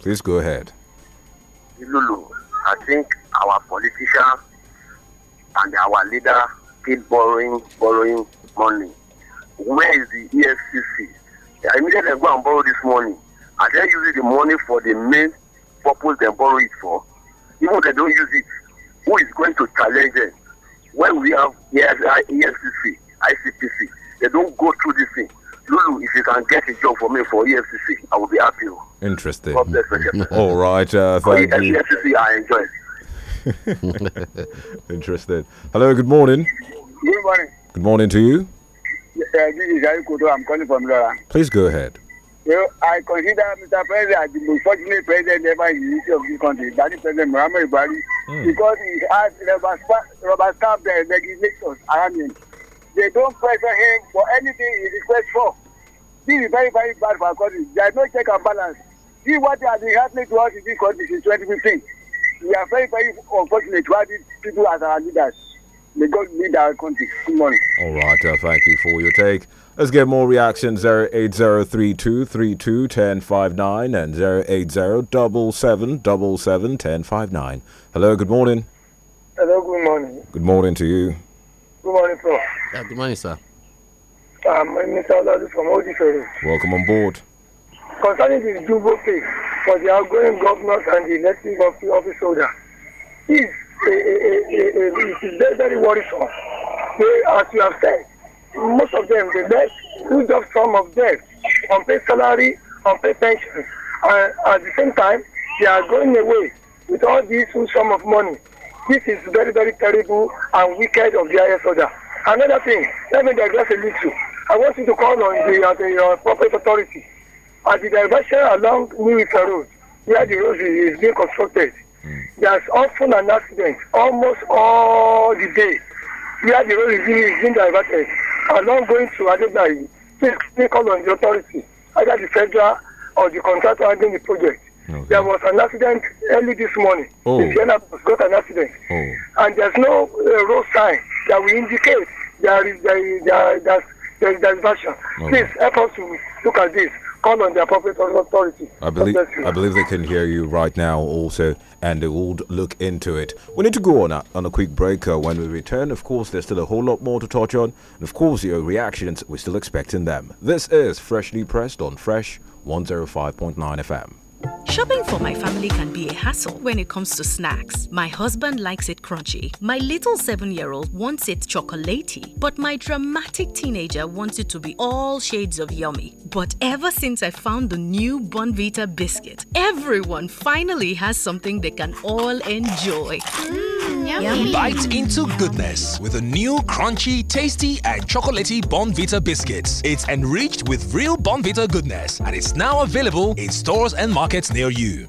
Please go ahead. Lulu, I think our politicians and our leader keep borrowing, borrowing money. Where is the EFCC? I immediately go and borrow this money. Are they using the money for the main purpose they borrow it for? Even if they don't use it, who is going to challenge them? When we have EFCC, ICPC, they don't go through this thing. Lulu, if you can get a job for me for EFCC, I will be happy. Oh. Interesting. All right. Uh, thank for you. EFCC, I enjoy. Interesting. Hello. Good morning. Good morning. Good morning to you. Yes, uh, this is Ayukoto. I'm calling from Lora. Please go ahead. Well, I consider Mr. President as the most fortunate president ever in the history of this country, that is President Muhammad Buhari, mm. because he has Robert, Robert Staff, the legislators around him. They don't pressure him for anything he requests for. This is very, very bad for our country. There is no check and balance. See what has been happening to us in this country since 2015. We are very, very unfortunate why these people as our leaders. May God lead our country. Good morning. All right. Uh, thank you for your take. Let's get more reactions 0803232 1059 and 0807777 double seven ten five nine. Hello, good morning. Hello, good morning. Good morning to you. Good morning, sir. Yeah, good morning, sir. Um, Mr. Oladu from Odishoru. Welcome on board. Concerning the Jumbo case for the outgoing governors and the elected office holder, is a, a, a, it is very, very worrisome. They, as you have said, most of them, the left huge of some of them unpaid salary, unpaid pension. And at the same time, they are going away with all these huge of money this is very, very terrible and wicked of the highest order. Another thing, let me digress a little. I want you to call on the, uh, the uh, appropriate authority. At the diversion along Newita Road, where the road is being constructed, hmm. there's often an accident almost all the day where the road is being diverted. Along going to Adebayi, please call on the authority, either the federal or the contractor handling the project. Okay. There was an accident early this morning. Oh. The Sienna got an accident. Oh. And there's no uh, road sign that will indicate there is, there is, there is, there is there is diversion. Okay. Please help us to look at this. Call on the appropriate authority. I believe I believe they can hear you right now also, and they will look into it. We need to go on a, on a quick break. Uh, when we return, of course, there's still a whole lot more to touch on, and of course, your reactions. We're still expecting them. This is freshly pressed on Fresh 105.9 FM. Shopping for my family can be a hassle when it comes to snacks. My husband likes it crunchy. My little seven year old wants it chocolatey. But my dramatic teenager wants it to be all shades of yummy. But ever since I found the new Bonvita biscuit, everyone finally has something they can all enjoy. Mm. Yummy. Yummy. Bite into goodness with a new crunchy, tasty, and chocolatey Bonvita biscuits. It's enriched with real Bonvita goodness and it's now available in stores and markets near you.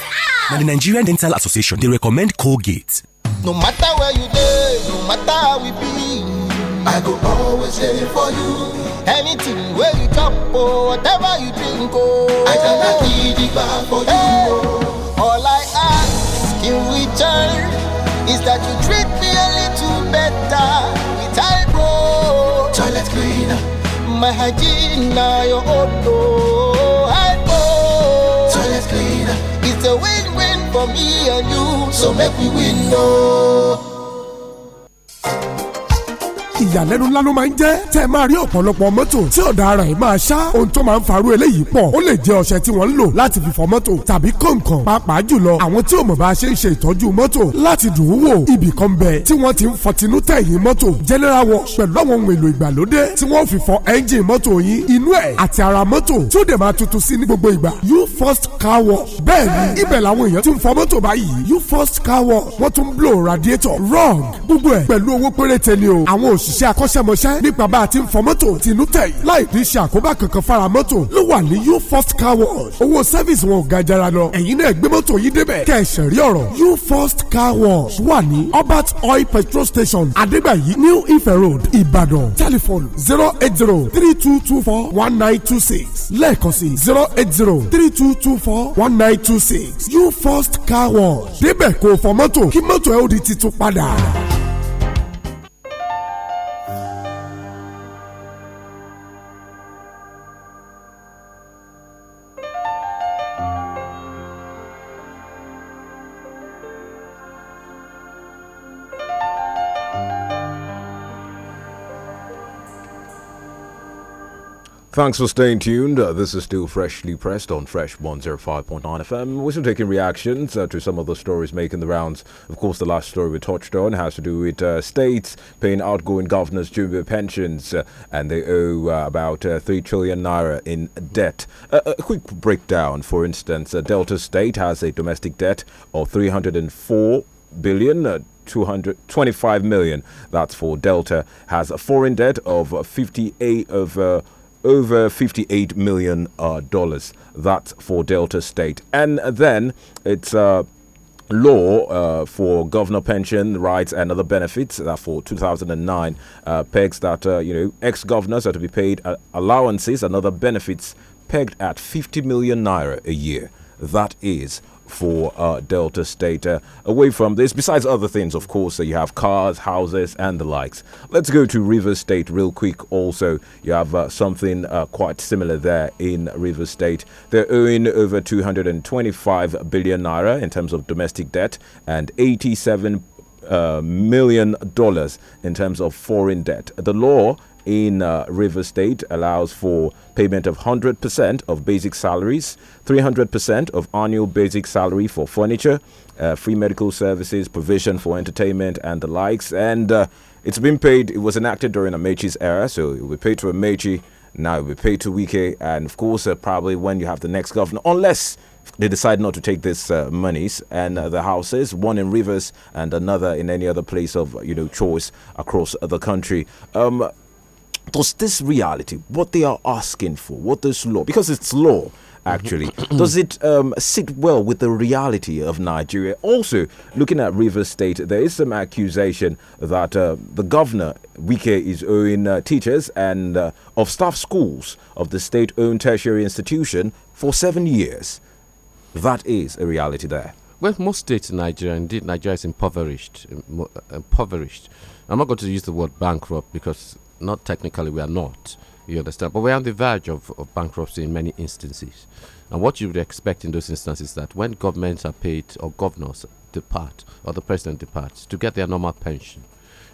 Now, the Nigerian Dental Association, they recommend Colgate. No matter where you live, no matter how we be, I go always there for you. Anything where you talk or oh, whatever you drink, oh, I cannot give it back for hey. you. Oh. All I ask in return is that you treat me a little better with Ibro. Toilet cleaner. My hygiene, now your own, oh. for me and you, so make we win, no. Oh. ìyàlẹ́nu ńlá ló máa ń jẹ́ tẹ́ máa rí ọ̀pọ̀lọpọ̀ mọ́tò tí ọ̀dà ara ẹ̀ máa ṣá ohun tó máa ń farú eléyìí pọ̀ ó lè jẹ́ ọṣẹ tí wọ́n ń lò láti fi fọ mọ́tò tàbí kọ̀ǹkọ̀ǹ pàápàá jùlọ àwọn tí ò mọ̀ bá a ṣe ń ṣe ìtọ́jú mọ́tò láti dùn ún wò ibì kan bẹ̀ tí wọ́n ti ń fọtinú tẹ̀yìn mọ́tò general wash pẹ̀lú àwọn ohun èlò ìgbàlódé you first car wash bẹ́ẹ̀ ni ibẹ̀ làwọn you first car wash blow radiator wrong gbogbo ẹ̀ pẹ̀lú owó péréte ni òṣìṣẹ́ akọ́ṣẹ́mọṣẹ́ nípa bá a ti ń fọ mọ́tò tìǹú tẹ̀yìn láì ní ṣe àkóbá kankan fara mọ́tò ló wà ní you first car wash owó sẹ́fíìsì wọn ò ga jara lọ ẹ̀yin náà gbé mọ́tò yìí débẹ̀ kẹ̀sẹ̀ rí ọ̀rọ̀ you first car wash wà ní albert oil petrol station adégbàyí new ife road Ibadan. telephone zero eight zero three two two four one nine two six lẹ́ẹ̀kan sí zero eight zero three two two four one nine two six you first car wash débẹ̀ kò fọ mọ́tò kí mọ́tò ẹ ó di titun padà. Thanks for staying tuned. Uh, this is still freshly pressed on Fresh 105.9 FM. We're still taking reactions uh, to some of the stories making the rounds. Of course, the last story we touched on has to do with uh, states paying outgoing governors junior pensions, uh, and they owe uh, about uh, 3 trillion naira in debt. a quick breakdown, for instance, Delta State has a domestic debt of 304 billion. 225 million. That's for Delta. Has a foreign debt of 58 of over 58 million uh, dollars. That's for Delta State, and then it's uh, law uh, for governor pension rights and other benefits That uh, for 2009 uh, pegs that you know ex-governors are to be paid allowances and other benefits pegged at 50 million naira a year that is for uh, Delta State. Uh, away from this, besides other things, of course, so uh, you have cars, houses, and the likes. Let's go to River State real quick. Also, you have uh, something uh, quite similar there in River State. They're owing over 225 billion naira in terms of domestic debt and 87 uh, million dollars in terms of foreign debt. The law in uh, River State allows for payment of 100% of basic salaries, 300% of annual basic salary for furniture, uh, free medical services, provision for entertainment, and the likes. And uh, it's been paid, it was enacted during Amechi's era, so it will be paid to Amechi, now it will be paid to Wike, and of course, uh, probably when you have the next governor, unless they decide not to take these uh, monies and uh, the houses, one in Rivers and another in any other place of you know choice across the country. Um, does this reality, what they are asking for, what this law, because it's law, mm-hmm. actually. Does it um, sit well with the reality of Nigeria? Also, looking at River State, there is some accusation that uh, the governor, Wike, is owing uh, teachers and uh, of staff schools of the state owned tertiary institution for seven years. That is a reality there. Well, most states in Nigeria, indeed, Nigeria is impoverished. Uh, uh, impoverished. I'm not going to use the word bankrupt because not technically we are not. You understand? But we're on the verge of, of bankruptcy in many instances. And what you would expect in those instances is that when governments are paid or governors depart or the president departs to get their normal pension,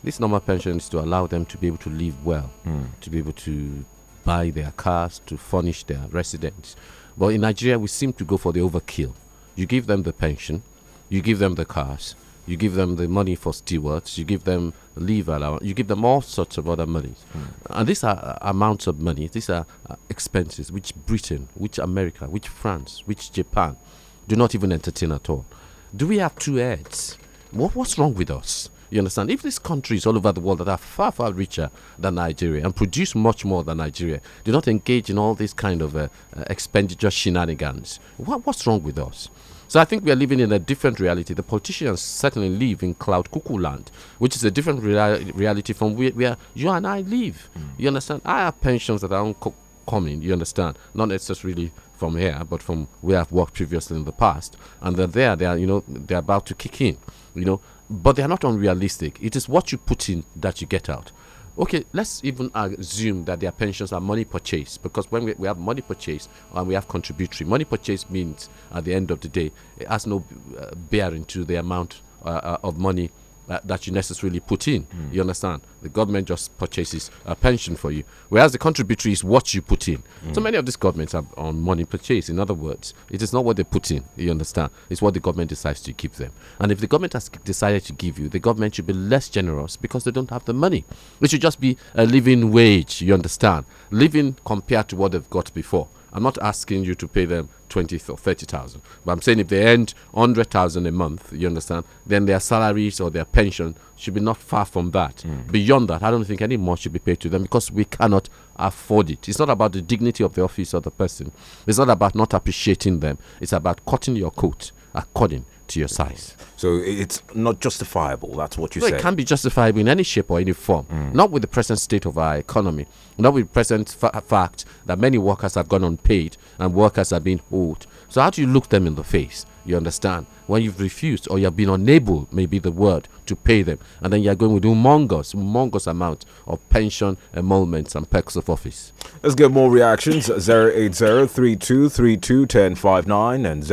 this normal pension is to allow them to be able to live well, mm. to be able to buy their cars, to furnish their residence. But in Nigeria, we seem to go for the overkill. You give them the pension, you give them the cars, you give them the money for stewards, you give them leave allowance, you give them all sorts of other monies. Mm. And these are uh, amounts of money, these are uh, expenses which Britain, which America, which France, which Japan do not even entertain at all. Do we have two heads? What, what's wrong with us? You understand? If these countries all over the world that are far, far richer than Nigeria and produce much more than Nigeria do not engage in all these kind of uh, uh, expenditure shenanigans, what, what's wrong with us? So I think we are living in a different reality. The politicians certainly live in cloud cuckoo land, which is a different rea reality from where, where, you and I live. Mm. You understand? I have pensions that are coming, you understand? Not necessarily from here, but from where I've worked previously in the past. And they're there, they are, you know, they're about to kick in, you know. But they are not unrealistic. It is what you put in that you get out okay, let's even assume that their pensions are money purchase because when we, we have money purchase and we have contributory, money purchase means at the end of the day, it has no uh, bearing to the amount uh, uh of money that, that you necessarily put in. Mm. You understand? The government just purchases a pension for you, whereas the contributory is what you put in. Mm. So many of these governments are on money purchase. In other words, it is not what they put in. You understand? It's what the government decides to give them. And if the government has decided to give you, the government should be less generous because they don't have the money. It should just be a living wage. You understand? Living compared to what they've got before. I'm not asking you to pay them twenty or 30,000. But I'm saying if they earn 100,000 a month, you understand, then their salaries or their pension should be not far from that. Mm. Beyond that, I don't think any more should be paid to them because we cannot afford it. It's not about the dignity of the office or the person. It's not about not appreciating them. It's about cutting your coat according to your size. So it's not justifiable. That's what you say. It can not be justifiable in any shape or any form. Mm. Not with the present state of our economy. Not with the present fa fact that many workers have gone unpaid and workers are being owed. So how do you look them in the face? You understand? When you've refused or you've been unable, maybe the word, to pay them. And then you're going with humongous, humongous amount of pension, emoluments, and perks of office. Let's get more reactions 080-3232-1059 and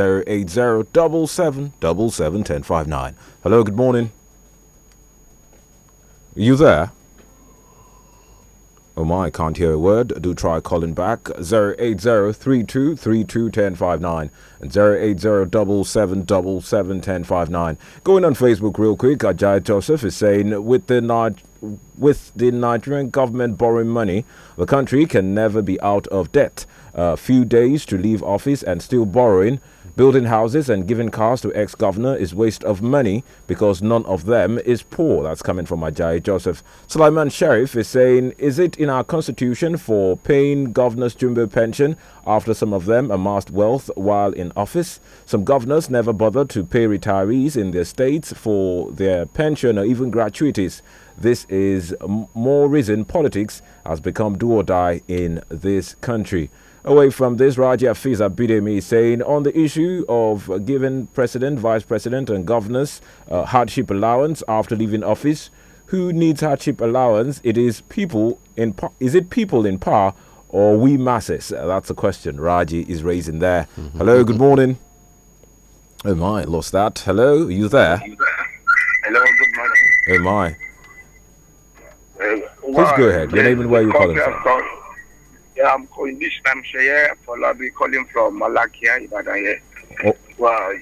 080-777-1059. Hello, good morning. Are you there? Omar, oh I can't hear a word. Do try calling back 08032321059 and 08077771059. Going on Facebook real quick, Ajay Joseph is saying with the with the Nigerian government borrowing money, the country can never be out of debt. A few days to leave office and still borrowing Building houses and giving cars to ex governor is waste of money because none of them is poor. That's coming from Ajayi Joseph. Saliman Sharif is saying, Is it in our constitution for paying governors jumbo pension after some of them amassed wealth while in office? Some governors never bother to pay retirees in their states for their pension or even gratuities. This is more reason politics has become do or die in this country. Away from this, Raja Fiza Bidemi saying on the issue of giving president, vice president, and governors uh, hardship allowance after leaving office, who needs hardship allowance? It is people in is it people in power or we masses? Uh, that's a question Raji is raising there. Mm -hmm. Hello, good morning. Oh my, lost that. Hello, are you there? Hello, good morning. Oh my. Uh, well, Please go ahead. Your name and where you're calling from. I'm calling this time share for lobby calling from Malakia, Ibadan yeah, Oh. Well,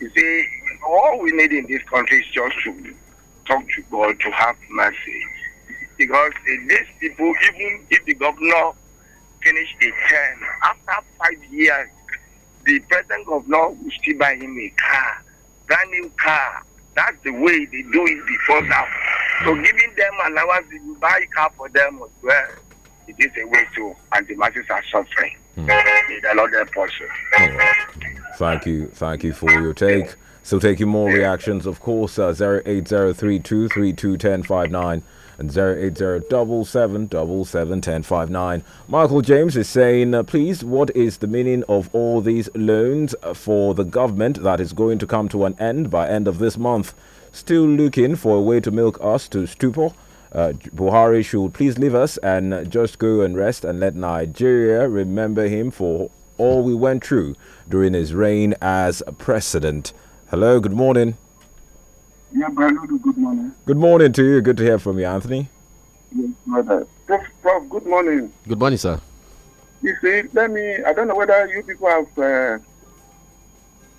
you see, all we need in this country is just to talk to God to have mercy. Because these people, even if the governor finish a term, after five years, the present governor will still buy him a car, brand new car. That's the way they do it before now. So giving them allowance, you buy a car for them as well it is a way to, and hmm. the masses are suffering. Mm. Right. Thank you. Thank you for your take. So taking more reactions, of course, uh, Zero eight zero three two three two ten five nine and double seven ten five nine. Michael James is saying, uh, please, what is the meaning of all these loans for the government that is going to come to an end by end of this month? Still looking for a way to milk us to stupor uh, Buhari should please leave us and just go and rest and let Nigeria remember him for all we went through during his reign as president. Hello, good morning. Yeah, brother, good morning. Good morning to you. Good to hear from you, Anthony. Yes, brother. Prof, good morning. Good morning, sir. You see, let me, I don't know whether you people have uh,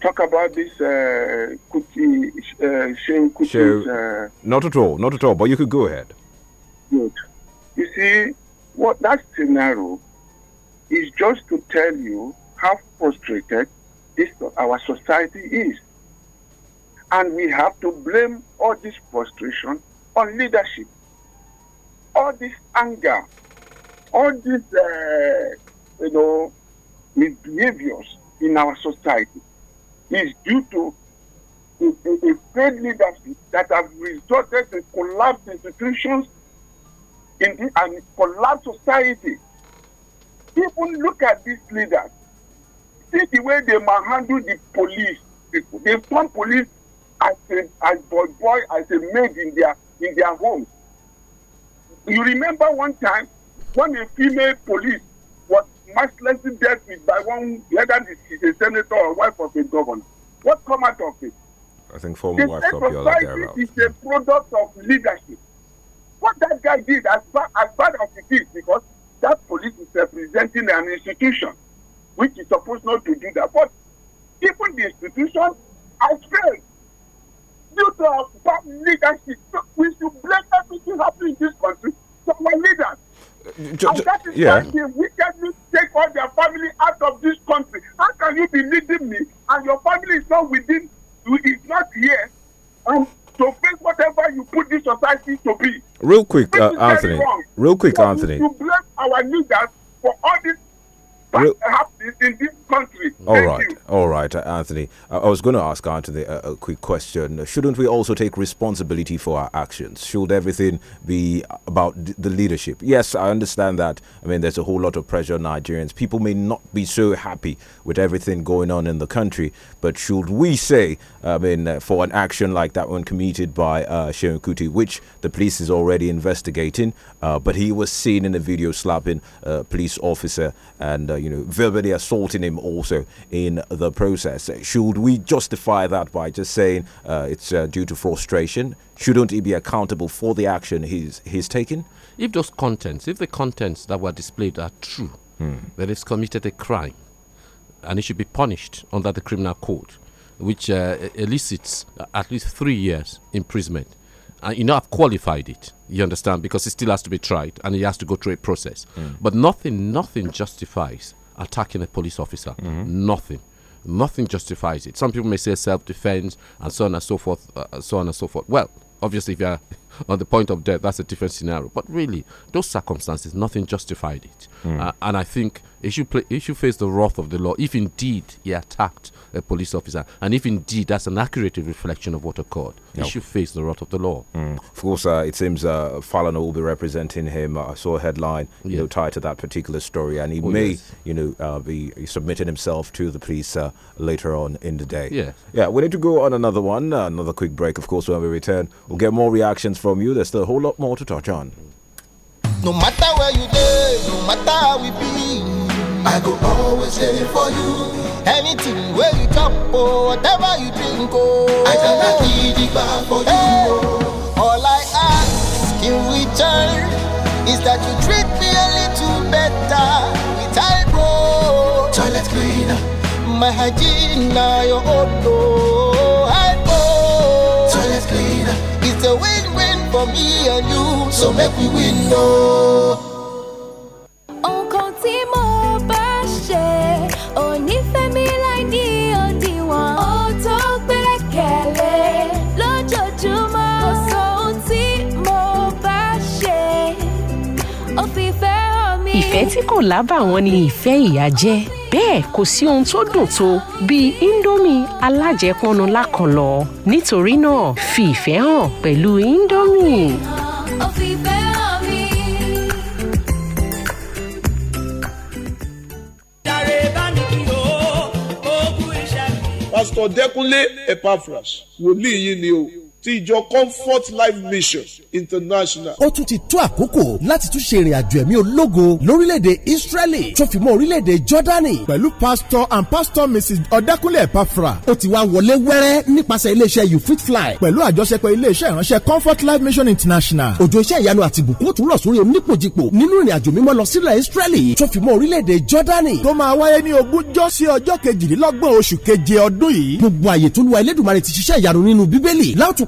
talked about this uh, Kuti, uh, Shehu Kuti's... Uh, not at all, not at all, but you could go ahead good. You see, what that scenario is just to tell you how frustrated this our society is. And we have to blame all this frustration on leadership, all this anger, all this uh, you know, misbehaviors in our society is due to a, a failed leadership that have resulted in collapsed institutions in the, an collapsed society. Even look at these leaders. See the way they manhandle the police. They form police as a as boy boy as a maid in their in their homes. You remember one time when a female police was mercilessly dealt with by one whether she's a senator or wife of a governor. What come out of it? I think former wife of your Is a product of leadership. What that guy did, as bad as, bad as it is, because that police is representing an institution which is supposed not to do that. But even the institution has failed due to our bad leadership. We should blame everything happening in this country to our leaders. Uh, and that is yeah. why they wickedly take all their family out of this country. How can you be leading me and your family is not within, is not here um, to face whatever you put this society to be? Real quick, uh, Anthony. Real quick, Anthony. You blame our leaders for all Re in this country. All Thank right, you. all right, uh, Anthony. Uh, I, was going to ask Anthony a, a, quick question. Shouldn't we also take responsibility for our actions? Should everything be about the leadership? Yes, I understand that. I mean, there's a whole lot of pressure on Nigerians. People may not be so happy with everything going on in the country, but should we say, I mean, uh, for an action like that one committed by uh, Sharon Kuti, which the police is already investigating, uh, but he was seen in a video slapping a police officer and uh, you know, verbally assaulting him also in the process. Should we justify that by just saying uh, it's uh, due to frustration? Shouldn't he be accountable for the action he's he's taken? If those contents, if the contents that were displayed are true, hmm. then he's committed a crime, and he should be punished under the criminal code which uh, elicits at least three years imprisonment and you know I've qualified it. You understand because it still has to be tried and it has to go through a process. Mm. But nothing, nothing justifies attacking a police officer. Mm -hmm. Nothing, nothing justifies it. Some people may say self-defense and so on and so forth, uh, so on and so forth. Well, obviously if you're on the point of death, that's a different scenario. But really, those circumstances, nothing justified it. Mm. Uh, and I think he should, play, he should face the wrath of the law if indeed he attacked a police officer. And if indeed that's an accurate reflection of what occurred, yep. he should face the wrath of the law. Mm. Of course, uh, it seems uh, Fallon will be representing him. I saw a headline you know, tied to that particular story, and he oh, may yes. you know, uh, be submitting himself to the police uh, later on in the day. Yeah. yeah, we need to go on another one, uh, another quick break, of course, when we return. We'll get more reactions from from you. There's still a whole lot more to touch on. No matter where you no matter how we be, I go always there for you. Anything where you or oh, whatever you drink, oh, I for hey. you. Oh. All I ask in return is that you treat me a little better with Toilet cleaner, my hygiene, now your own. Oh. for me and you so make we win o. nǹkan tí mo bá ṣe ò ní láì ní òdiwọ̀n ó tó gbẹ́kẹ̀lé lójoojúmọ́ kò sọ ohun tí mo bá ṣe ó fi fẹ́ hàn mí. ìfẹ́ tí kò lábàwọ́n ni ìfẹ́ ìyá jẹ́ bẹ́ẹ̀ kò sí ohun tó dùn tó bíi indomie alájẹpọnu lákànlọ́ nítorí náà fi ìfẹ́ hàn pẹ̀lú indomie. pásítọ̀ dẹ́kunlé epaphras wòlíì yìí ni o ti ìjọ comfort life mission international. ó tún ti tó àkókò láti tún ṣe ìrìn àjò ẹ̀mí ológo lórílẹ̀‐èdè israeli tó fi mọ́ orílẹ̀‐èdè jordani. pẹ̀lú pastor and pastor mrs ọ̀dẹ́kúnlé epafra ó ti wá wọlé wẹ́rẹ́ nípasẹ̀ iléeṣẹ́ you fit fly pẹ̀lú àjọṣepọ̀ iléeṣẹ́ ìránṣẹ́ comfort life mission international. òjò iṣẹ́ ìyanu àti ìbùkún tún rọ̀ sórí onípòjìpò nínú ìrìn àjò mímọ́ lọ sílẹ̀ israeli tó fi mọ́ orílẹ̀‐èdè jordani. tó máa wáyé ní ogúnjọ́ sí ọjọ́ kejìlélọ́gbọ̀n oṣù keje ọdún yìí. gbogbo àyè tó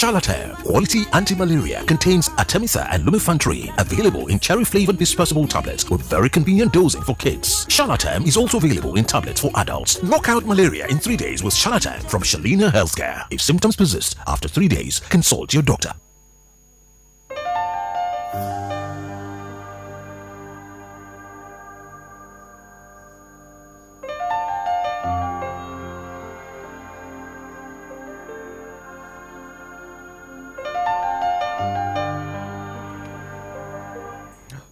Charlatan Quality Anti-Malaria contains Artemisa and Lumefantrine available in cherry-flavored dispersible tablets with very convenient dosing for kids. Charlatan is also available in tablets for adults. Knock out malaria in three days with Charlatan from Shalina Healthcare. If symptoms persist after three days, consult your doctor.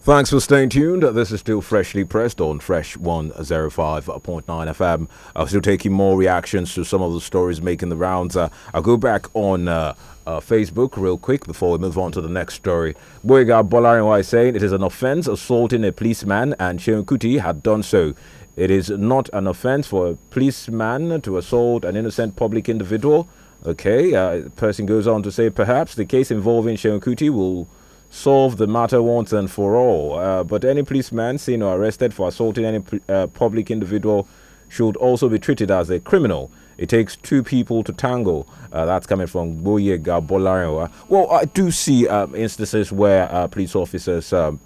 Thanks for staying tuned. This is still freshly pressed on Fresh 105.9 FM. I'm still taking more reactions to some of the stories making the rounds. Uh, I'll go back on uh, uh, Facebook real quick before we move on to the next story. Boyga Bolarinwa is saying it is an offense assaulting a policeman, and Sheon Kuti had done so. It is not an offense for a policeman to assault an innocent public individual. Okay, uh, person goes on to say perhaps the case involving Sheon Kuti will solve the matter once and for all. Uh, but any policeman seen or arrested for assaulting any uh, public individual should also be treated as a criminal. It takes two people to tango. Uh, that's coming from Boye Gabolarewa. Well, I do see um, instances where uh, police officers. Um,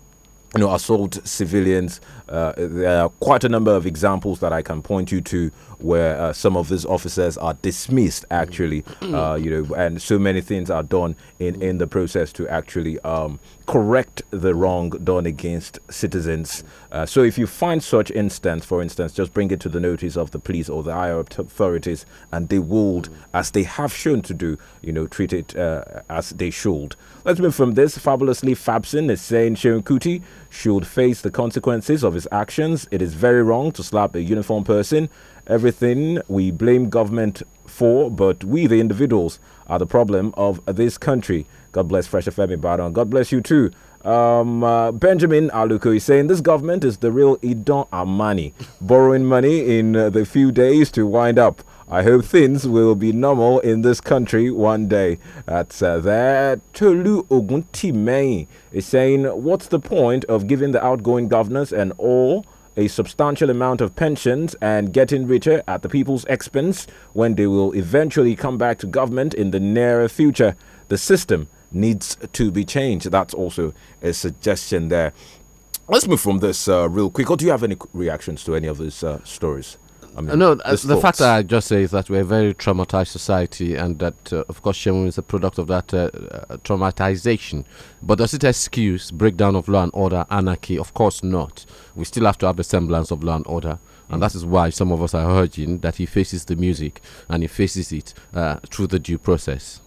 you know, assault civilians uh, there are quite a number of examples that I can point you to where uh, some of these officers are dismissed, actually, mm. uh, you know, and so many things are done in, in the process to actually um, correct the wrong done against citizens. Uh, so if you find such instance, for instance, just bring it to the notice of the police or the higher authorities, and they would, as they have shown to do, you know, treat it uh, as they should. Let's move from this. Fabulously Fabson is saying, Sharon Kuti, should face the consequences of his actions. It is very wrong to slap a uniformed person. Everything we blame government for, but we, the individuals, are the problem of this country. God bless Fresh FM Ibadan. God bless you too. Um, uh, Benjamin Aluko is saying this government is the real Idon Amani, borrowing money in uh, the few days to wind up. I hope things will be normal in this country one day. That's uh, there. Tolu Oguntimei is saying, What's the point of giving the outgoing governors and all? a substantial amount of pensions and getting richer at the people's expense when they will eventually come back to government in the nearer future. The system needs to be changed. That's also a suggestion there. Let's move from this uh, real quick. Or do you have any reactions to any of these uh, stories? I mean, no, uh, the fact that I just say is that we're a very traumatized society, and that, uh, of course, shame is a product of that uh, uh, traumatization. But does it excuse breakdown of law and order, anarchy? Of course not. We still have to have a semblance of law and order. And that is why some of us are urging that he faces the music and he faces it uh, through the due process.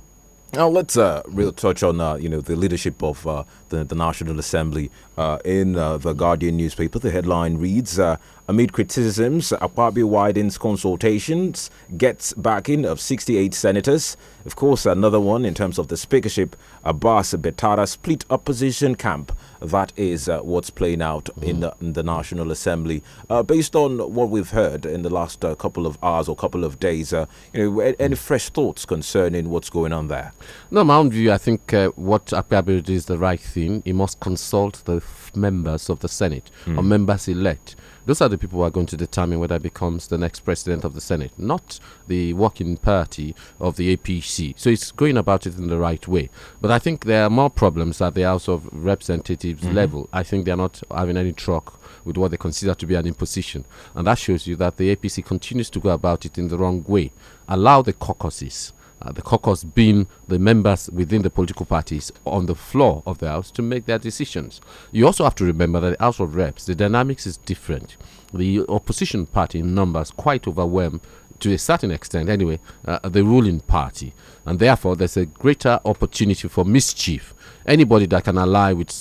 Now let's uh, touch on uh, you know the leadership of uh, the, the, National Assembly. Uh, in the Guardian newspaper, the headline reads: amid criticisms, Akwabi widens consultations, gets backing of 68 senators. Of course, another one in terms of the speakership Abbas Betara split opposition camp. That is uh, what's playing out mm. in, the, in, the, National Assembly. Uh, based on what we've heard in the last uh, couple of hours or couple of days, uh, you know, any mm. fresh thoughts concerning what's going on there? No, my own view, I think uh, what Akpabir is the right thing. He must consult the members of the Senate mm. or members elect. Those are the people who are going to determine whether he becomes the next president of the Senate, not the working party of the APC. So it's going about it in the right way. But I think there are more problems at the House of Representatives mm -hmm. level. I think they're not having any truck with what they consider to be an imposition. And that shows you that the APC continues to go about it in the wrong way. Allow the caucuses. Uh, the caucus being the members within the political parties on the floor of the House to make their decisions. You also have to remember that the House of Reps, the dynamics is different. The opposition party numbers quite overwhelm to a certain extent, anyway, uh, the ruling party. And therefore, there's a greater opportunity for mischief. Anybody that can ally with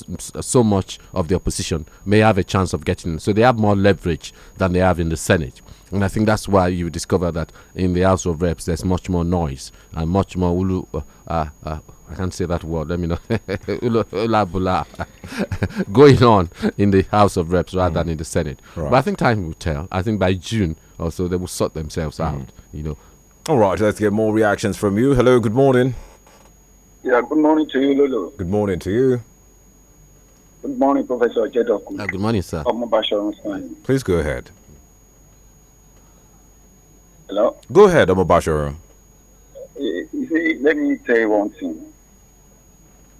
so much of the opposition may have a chance of getting. So they have more leverage than they have in the Senate. And I think that's why you discover that in the House of Reps, there's much more noise and much more ulu. Uh, uh, uh I can't say that word. Let me know. Ula bula going on in the House of Reps rather mm. than in the Senate. Right. But I think time will tell. I think by June uh, so they will sort themselves mm. out. You know. All right, let's get more reactions from you. Hello, good morning. Yeah, good morning to you, Lulu. Good morning to you. Good morning, Professor Jedoku. Uh, good morning, sir. Please go ahead. Hello? Go ahead, Omobashiro. Eh, you see, let me tell you one thing.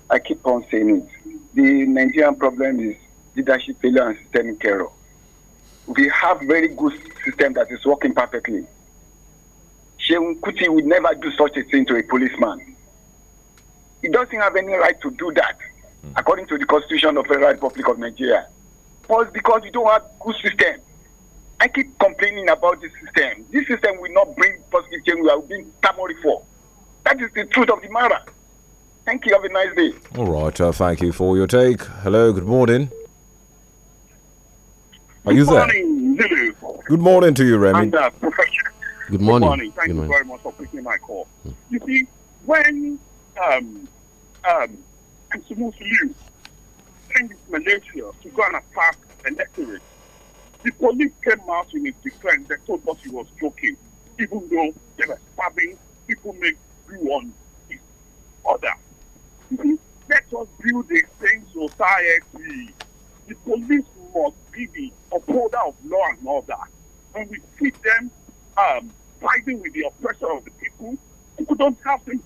I keep on saying it. The Nigerian problem is leadership failure and systemic error we have very good system that is working perfectly. Sheun Kuti would never do such a thing to a policeman. He doesn't have any right to do that, hmm. according to the Constitution of the Federal Republic of Nigeria. But because we don't have good system. I keep complaining about this system. This system will not bring positive change we are being tamori for. That is the truth of the matter. Thank you. Have a nice day. All right. Uh, thank you for your take. Hello. Good morning. Are you there? Morning, Zulu. Good morning to you, Remy. And, uh, Good morning. Good morning. Thank Good morning. you very much for picking my call. Hmm. You see, when um, um, I'm supposed to use Malaysia to go and attack electorate, the police came out in his defense. They told us he was joking, even though they were stabbing people make do on his other. You see, Let us build a sane society. The police must be the upholder of law and order. When we see them um, fighting with the oppressor of the people, people don't have things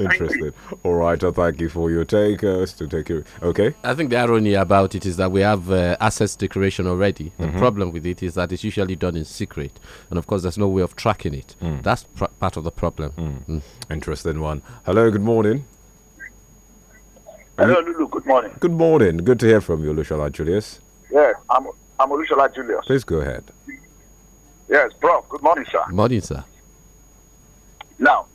Interesting. All right. I thank you for your take. Uh, to take you. Okay. I think the irony about it is that we have uh, assets declaration already. The mm -hmm. problem with it is that it's usually done in secret, and of course, there's no way of tracking it. Mm. That's part of the problem. Mm. mm. Interesting one. Hello. Good morning. Hello, Lulu. Good morning. Good morning. Good to hear from you, Lushala Julius. Yes, I'm. I'm Olushala Julius. Please go ahead. Yes, bro. Good morning, sir. Morning, sir. Now,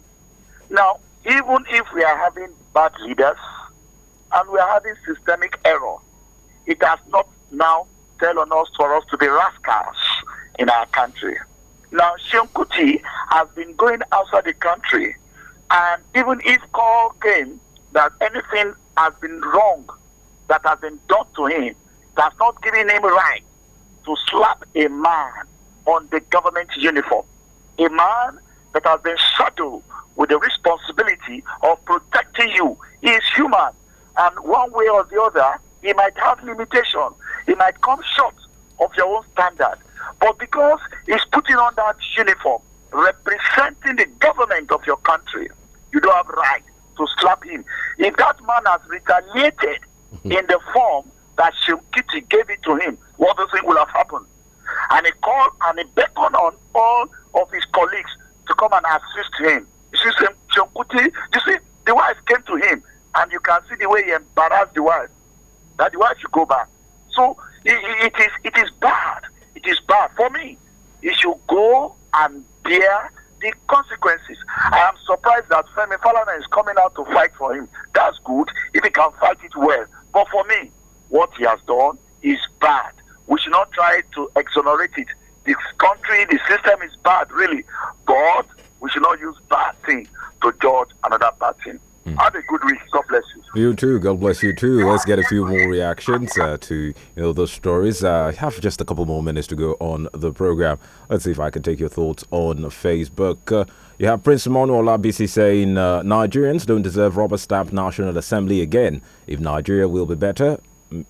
now, even if we are having bad leaders and we are having systemic error, it does not now tell on us for us to be rascals in our country. Now, Sean has been going outside the country, and even if call came that anything has been wrong that has been done to him, that's not giving him right to slap a man on the government uniform. A man that has been saddled with the responsibility of protecting you. He is human, and one way or the other, he might have limitations. He might come short of your own standard. But because he's putting on that uniform, representing the government of your country, you don't have right to slap him. If that man has retaliated mm-hmm. in the form that Shimkiti gave it to him, what do you think will have happened? And he called and he beckoned on all of his colleagues to come and assist him. You see, you see, the wife came to him, and you can see the way he embarrassed the wife, that the wife should go back. So it is it is bad. It is bad for me. He should go and bear the consequences. I am surprised that Femi Falana is coming out to fight for him. That's good if he can fight it well. But for me, what he has done is bad. We should not try to exonerate it this country, the system is bad, really. But we should not use bad thing to judge another bad thing. Mm. Have a good week. God bless you. You too. God bless you too. Let's get a few more reactions uh, to you know those stories. Uh, I have just a couple more minutes to go on the program. Let's see if I can take your thoughts on Facebook. Uh, you have Prince Emmanuel BC saying uh, Nigerians don't deserve rubber stamp National Assembly again. If Nigeria will be better,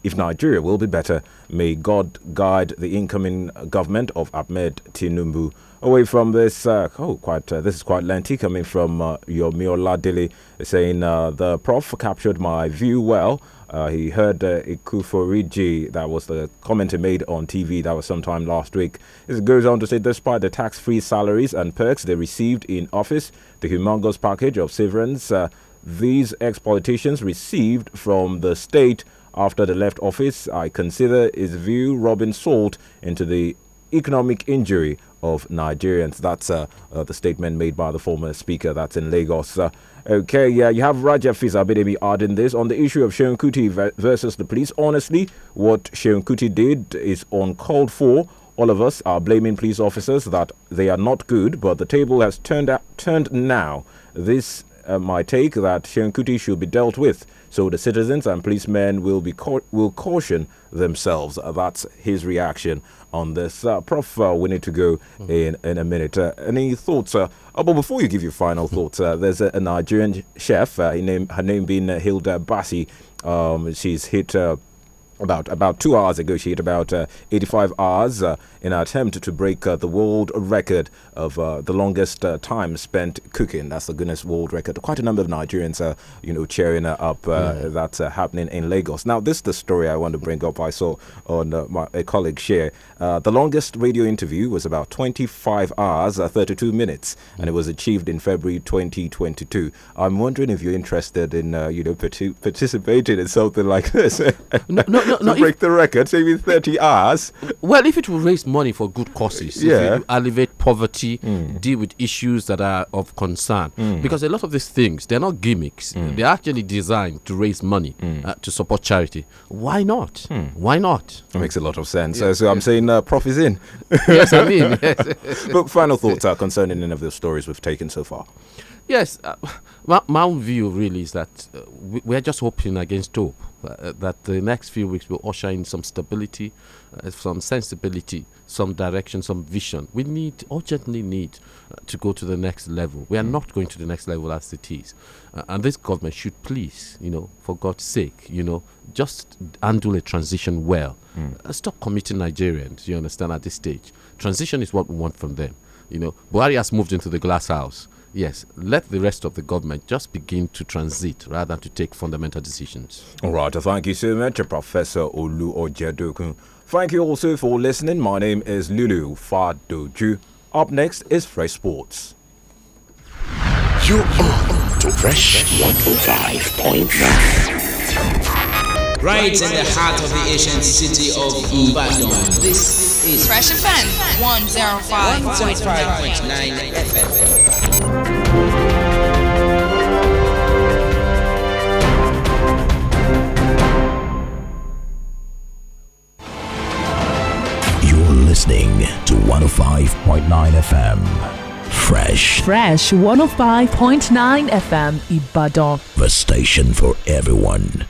if Nigeria will be better, may God guide the incoming government of Ahmed Tinumbu Away from this, uh, oh, quite uh, this is quite lengthy coming from uh, Yomiola Dili saying uh, the prof captured my view well. Uh, he heard uh, Ikuforiji, that was the comment he made on TV, that was sometime last week. It goes on to say, despite the tax free salaries and perks they received in office, the humongous package of severance uh, these ex politicians received from the state after they left office, I consider his view rubbing salt into the economic injury of Nigerians. That's uh, uh, the statement made by the former speaker. That's in Lagos. Uh, okay, yeah, you have Raja Fiza adding this on the issue of Sheon Kuti versus the police. Honestly, what Sheon Kuti did is uncalled for. All of us are blaming police officers that they are not good, but the table has turned out, turned now. This uh, my take that Sheon Kuti should be dealt with. So the citizens and policemen will be will caution themselves. Uh, that's his reaction on this. Uh, Prof, uh, we need to go mm. in in a minute. Uh, any thoughts? Uh, oh, but before you give your final mm-hmm. thoughts, uh, there's a, a, Nigerian chef. Her name, her name being Hilda Bassi. Um, she's hit about about two hours negotiate about uh, 85 hours uh, in an attempt to break uh, the world record of uh, the longest uh, time spent cooking that's the Guinness World Record quite a number of Nigerians are you know cheering up uh, yeah. that's happening in Lagos now this is the story I want to bring up I saw on my a colleague share the longest radio interview was about 25 hours 32 minutes and it was achieved in February 2022 I'm wondering if you're interested in you know participating in something like this no, no, no, no, break if, the record, save even 30 hours. Well, if it will raise money for good causes, yeah. alleviate poverty, mm. deal with issues that are of concern. Mm. Because a lot of these things, they're not gimmicks. Mm. They're actually designed to raise money hmm. uh, to support charity. Why not? Hmm. Why not? That makes a lot of sense. Yes, uh, so I'm saying uh, prof is in. yes, I mean, yes. But final thoughts uh, concerning any of the stories we've taken so far? Yes, uh, my, my, view really is that uh, we, are just hoping against hope. Uh, that the next few weeks will usher in some stability, uh, some sensibility, some direction, some vision. We need, urgently need, uh, to go to the next level. We are mm. not going to the next level as it is, uh, and this government should please, you know, for God's sake, you know, just handle a transition well. Mm. Uh, stop committing Nigerians. You understand at this stage, transition is what we want from them. You know, Buhari has moved into the glass house. Yes, let the rest of the government just begin to transit rather than to take fundamental decisions. All right, thank you so much, Professor Olu Ojedokun. Thank you also for listening. My name is Lulu Fadoju. Up next is Fresh Sports. You are to Fresh 105.9. Right in the heart of the ancient city of Ibadan. This is Fresh Offense 105.9 FM. listening to 105.9 FM. Fresh. Fresh 105.9 FM Ibadan. The station for everyone.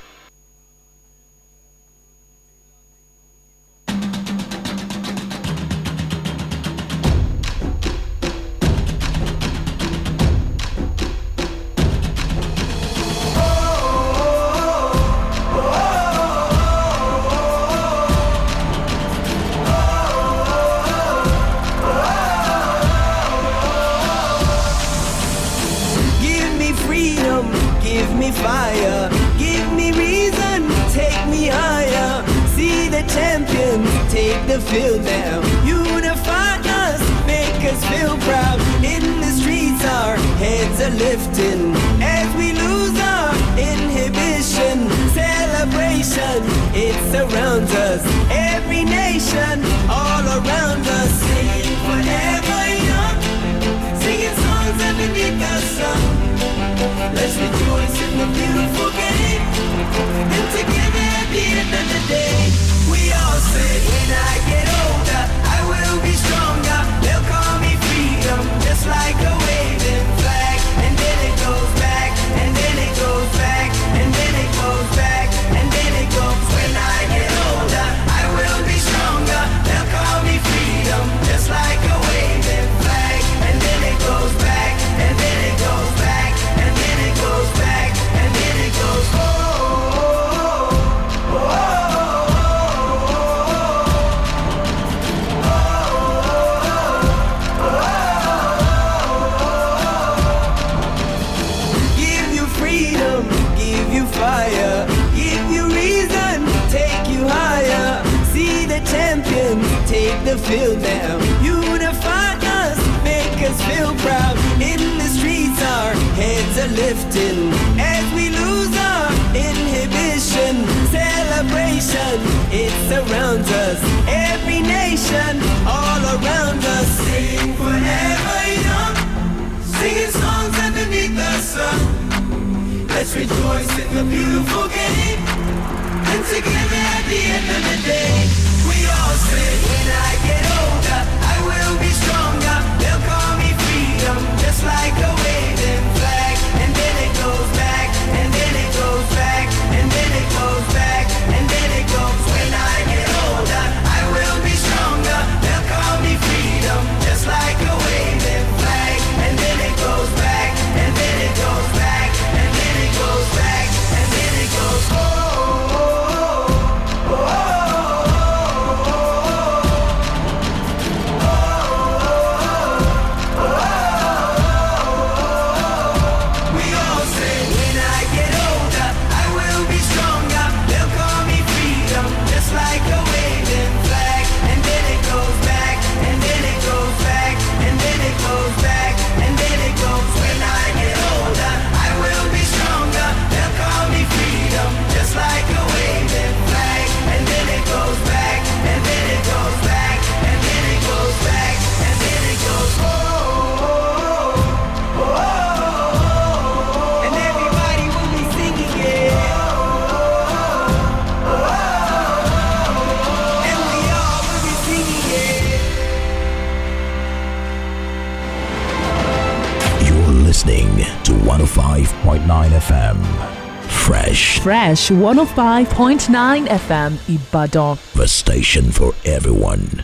105.9 FM Ibadan. The station for everyone.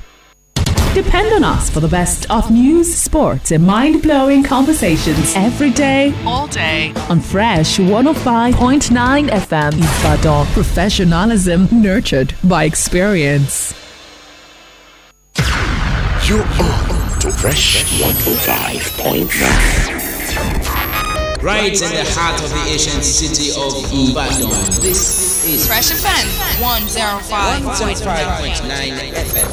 Depend on us for the best of news, sports, and mind blowing conversations every day, all day on Fresh 105.9 FM Ibadan. Professionalism nurtured by experience. You are on to Fresh 105.9 right in the heart of the ancient city of Ibadan. This is Fresh Offense 105.9 FM.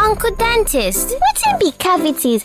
Uncle Dentist, what can be cavities?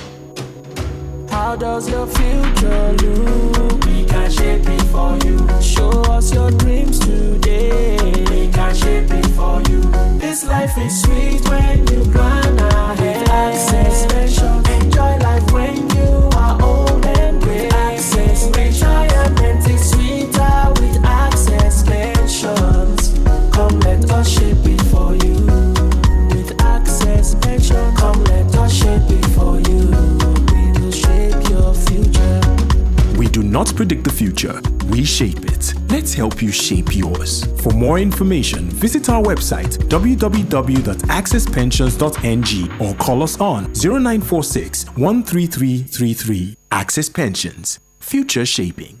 How does your future look? We can shape it for you. Show us your dreams today. We can shape it for you. This life is sweet when you plan ahead. Access special. Enjoy life when cannot predict the future, we shape it. Let's help you shape yours. For more information, visit our website www.accesspensions.ng or call us on 0946 13333. Access Pensions, future shaping.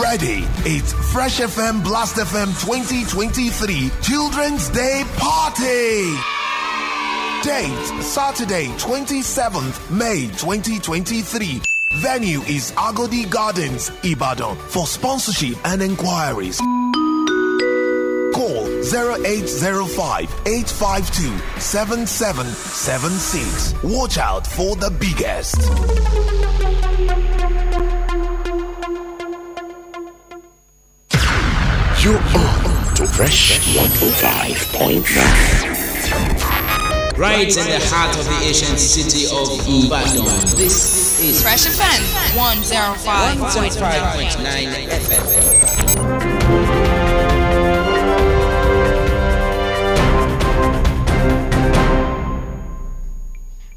ready. It's Fresh FM Blast FM 2023 Children's Day Party. Date Saturday, 27th May 2023. Venue is Agodi Gardens, Ibadan. For sponsorship and inquiries, call 0805 852 7776. Watch out for the biggest. You're on to Fresh 105.9. Right in the heart of the ancient city of Ibadan, this is Fresh Offense 105.9 FM.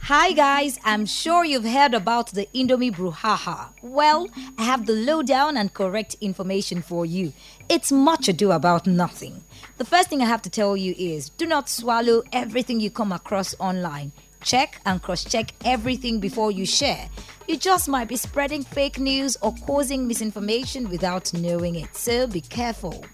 Hi guys, I'm sure you've heard about the Indomie brouhaha. Well, I have the lowdown and correct information for you. It's much ado about nothing. The first thing I have to tell you is do not swallow everything you come across online. Check and cross check everything before you share you just might be spreading fake news or causing misinformation without knowing it. So be careful.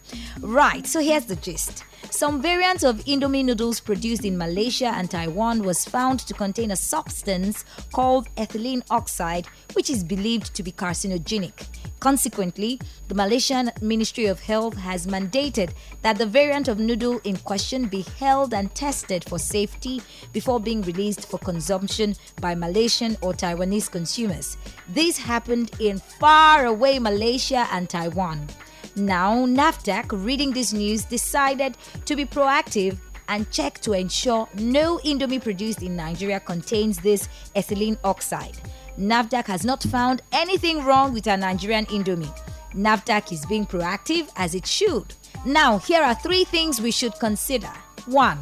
Right, so here's the gist. Some variants of Indomie noodles produced in Malaysia and Taiwan was found to contain a substance called ethylene oxide, which is believed to be carcinogenic. Consequently, the Malaysian Ministry of Health has mandated that the variant of noodle in question be held and tested for safety before being released for consumption by Malaysian or Taiwanese consumers consumers. This happened in faraway Malaysia and Taiwan. Now, NAFTAC, reading this news, decided to be proactive and check to ensure no Indomie produced in Nigeria contains this ethylene oxide. NAFDAC has not found anything wrong with our Nigerian Indomie. NAFDAC is being proactive as it should. Now, here are three things we should consider. 1.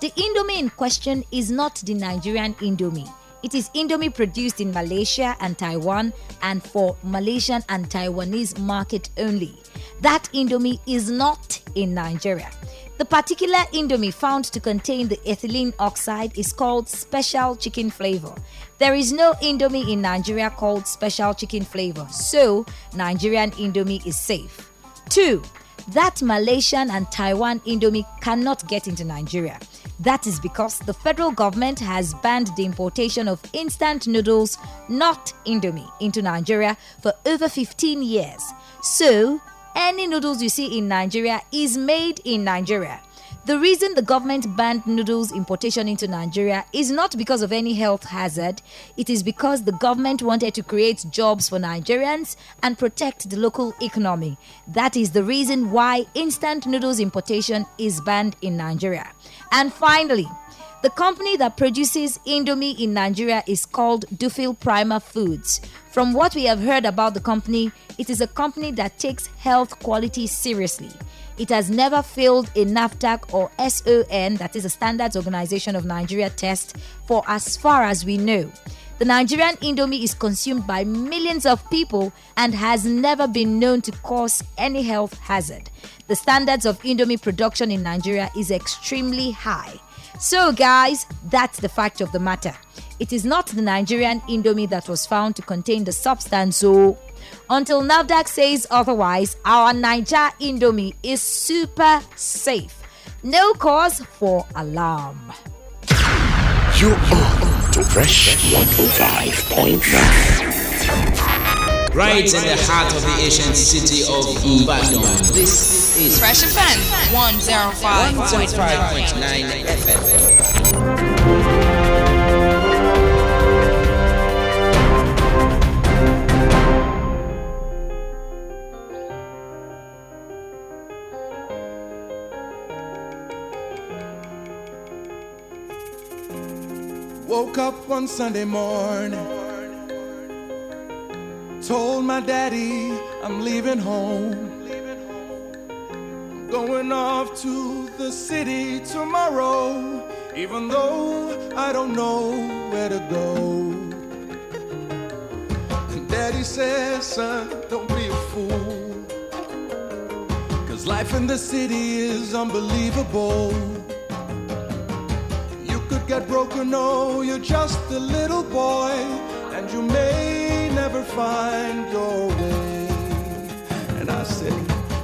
The Indomie in question is not the Nigerian Indomie. It is Indomie produced in Malaysia and Taiwan and for Malaysian and Taiwanese market only. That Indomie is not in Nigeria. The particular Indomie found to contain the ethylene oxide is called special chicken flavor. There is no Indomie in Nigeria called special chicken flavor, so Nigerian Indomie is safe. 2. That Malaysian and Taiwan Indomie cannot get into Nigeria. That is because the federal government has banned the importation of instant noodles, not Indomie, into Nigeria for over 15 years. So, any noodles you see in Nigeria is made in Nigeria. The reason the government banned noodles importation into Nigeria is not because of any health hazard, it is because the government wanted to create jobs for Nigerians and protect the local economy. That is the reason why instant noodles importation is banned in Nigeria. And finally, the company that produces Indomie in Nigeria is called Dufil Primer Foods. From what we have heard about the company, it is a company that takes health quality seriously. It has never failed a NAFTAC or SON, that is a Standards Organization of Nigeria test, for as far as we know. The Nigerian Indomie is consumed by millions of people and has never been known to cause any health hazard. The standards of Indomie production in Nigeria is extremely high. So, guys, that's the fact of the matter. It is not the Nigerian Indomie that was found to contain the substance, so until NAVDAC says otherwise, our Niger Indomie is super safe. No cause for alarm. You are to Fresh 105.9. Right in the heart of the ancient city of Ibadan, this is Fresh FM 105.9 FM. Woke up one Sunday morning, told my daddy I'm leaving home. I'm going off to the city tomorrow, even though I don't know where to go. And daddy says, son, don't be a fool. Cause life in the city is unbelievable get broken, no, you're just a little boy, and you may never find your way. And I said,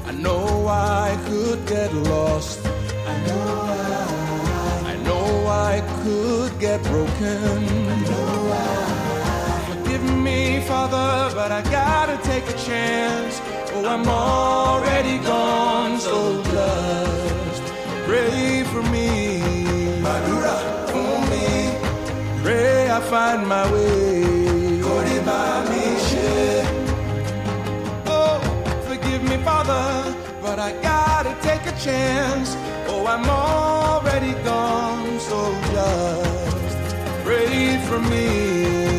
I know I could get lost. I know I, I know I could get broken. I know I, forgive me, Father, but I gotta take a chance. Oh, I'm already gone, so just pray for me. Madura. I find my way. Kò ní bá Oh, forgive me, Father, but I gotta take a chance. Oh, I'm already gone, so just pray for me.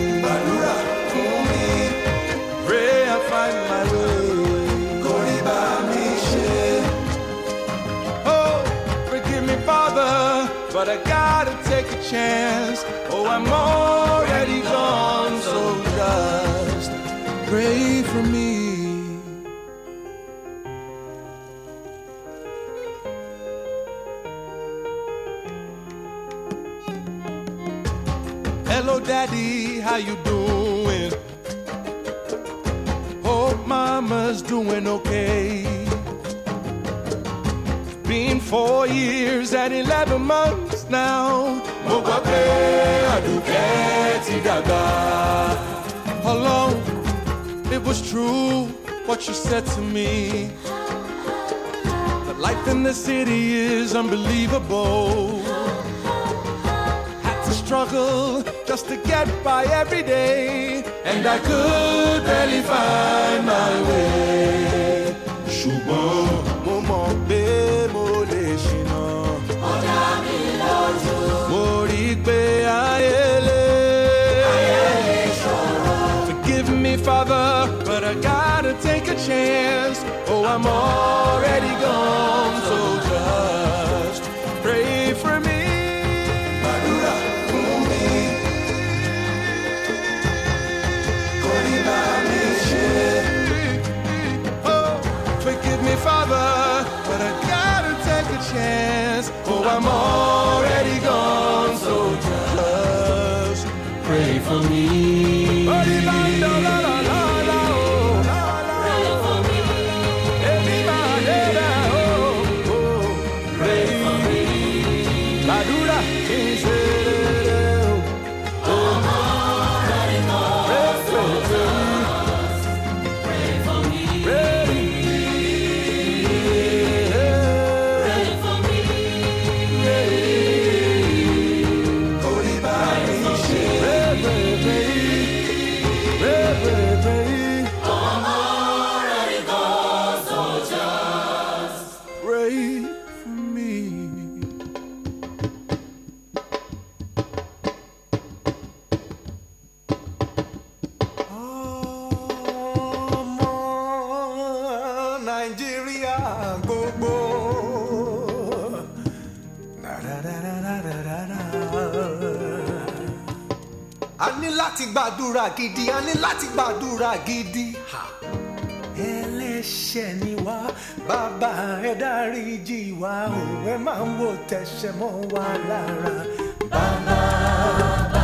but I gotta take a chance. Oh, I'm already gone, so just pray for me. Hello, Daddy, how you doing? Hope Mama's doing okay been four years and 11 months now. mo gbà pé àdùkẹ́ ti dàgbà. it was true what you said to me. The life in the city is unbelievable. Had to struggle just to get by every day. And I could barely find my way. ṣùgbọ́n mo mọ̀ pé mo lè ṣe i Forgive me, Father, but I gotta take a chance. Oh, I'm already gone. I'm already gone. gbàdúrà gidi a ní láti gbàdúrà gidi. ẹlẹ́ṣẹ̀ ni wá bàbá ẹ dáríjì wá o ẹ máa ń wò tẹ̀sẹ̀ mọ́ wa lára bàbá.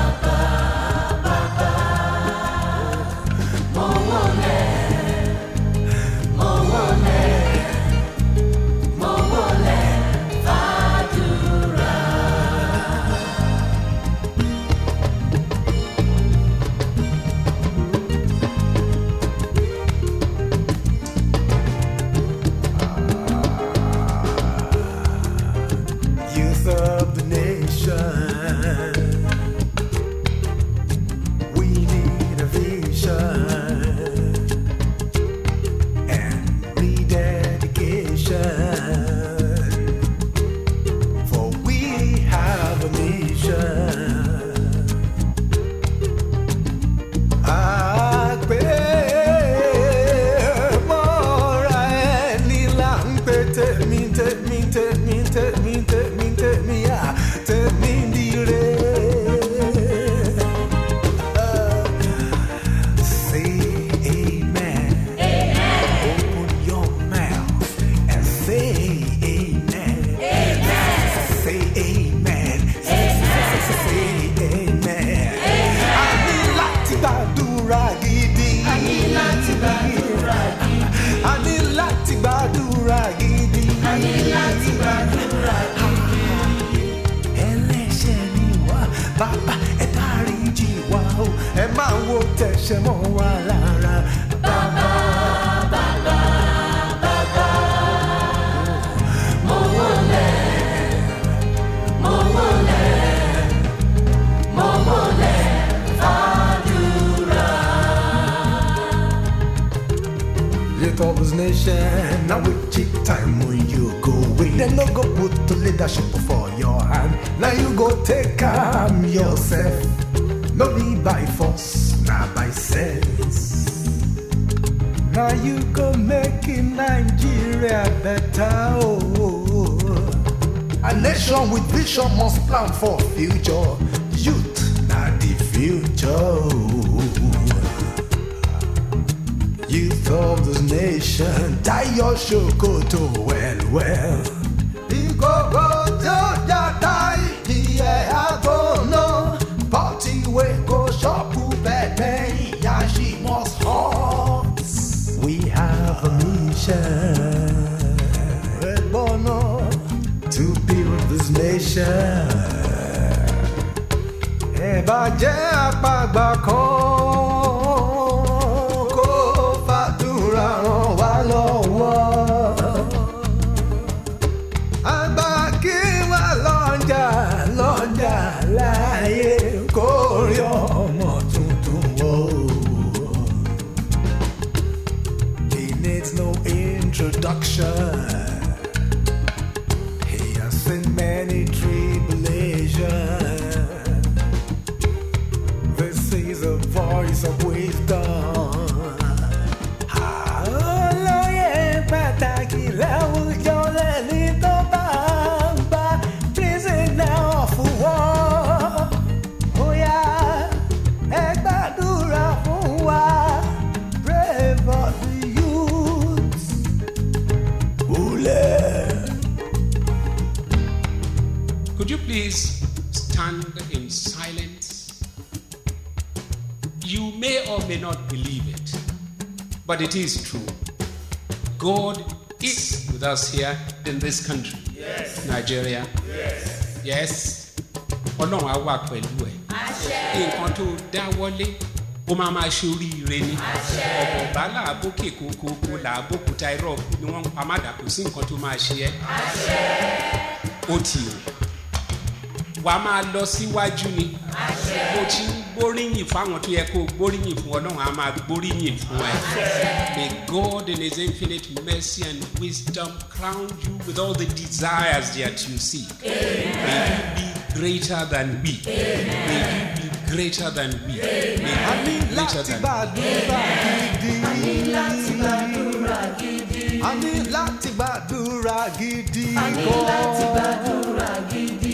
introduction. He has many tribulations. This is voice of wisdom. But it is true. God is with us here in this country. Yes. Nigeria. Yes. Yes. Ọlọ́run á wà pẹ̀lú ẹ̀. Àṣẹ. Nǹkan tó dáwọ́lé ó máa máa ṣe oríire ni. Àṣẹ. Ọ̀bọ̀bá làbókè kókókó làbókúta irọ́ ni wọ́n ń pa má dà kó sí nǹkan tó máa ṣe ẹ́. ti rò. Wàá máa lọ síwájú ni. Àṣẹ. ti ń gbóríyìn fáwọn tó yẹ kó gbóríyìn fún ọlọ́run á máa gbóríyìn fún ẹ. May God in his infinite mercy and wisdom crown you with all the desires that you seek. Amen. May you be greater than we. Amen. May you be greater than we. Amen. May you be greater than we. A ní láti gbàdúrà gidi. A ní láti gbàdúrà gidi. A ní láti gbàdúrà gidi.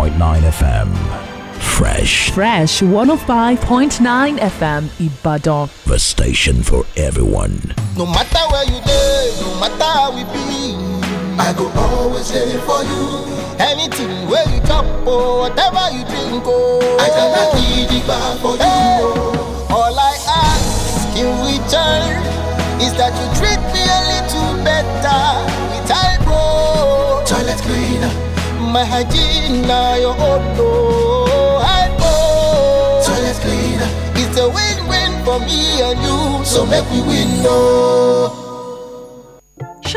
105.9 FM. Fresh. Fresh 105.9 FM Ibadan. The station for everyone. No matter where you live, no matter how we be, I go always there for you. Anything where you drop or oh, whatever you drink, oh. I cannot need it back for hey. you. All I ask in return is that you treat me a little better with Toilet cleaner mahajina yo odo oh, hypo. Oh. Toilet cleaner. It's a win-win for me and you, so make we win, no. Oh.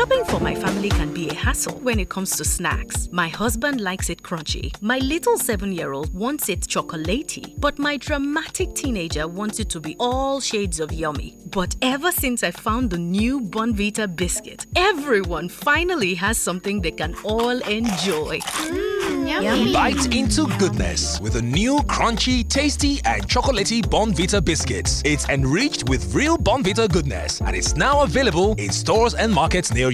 Shopping for my family can be a hassle when it comes to snacks. My husband likes it crunchy. My little seven year old wants it chocolatey. But my dramatic teenager wants it to be all shades of yummy. But ever since I found the new Bonvita biscuit, everyone finally has something they can all enjoy. Mm, yummy. Bite into goodness with a new crunchy, tasty, and chocolatey Bonvita biscuits. It's enriched with real Bonvita goodness and it's now available in stores and markets near you.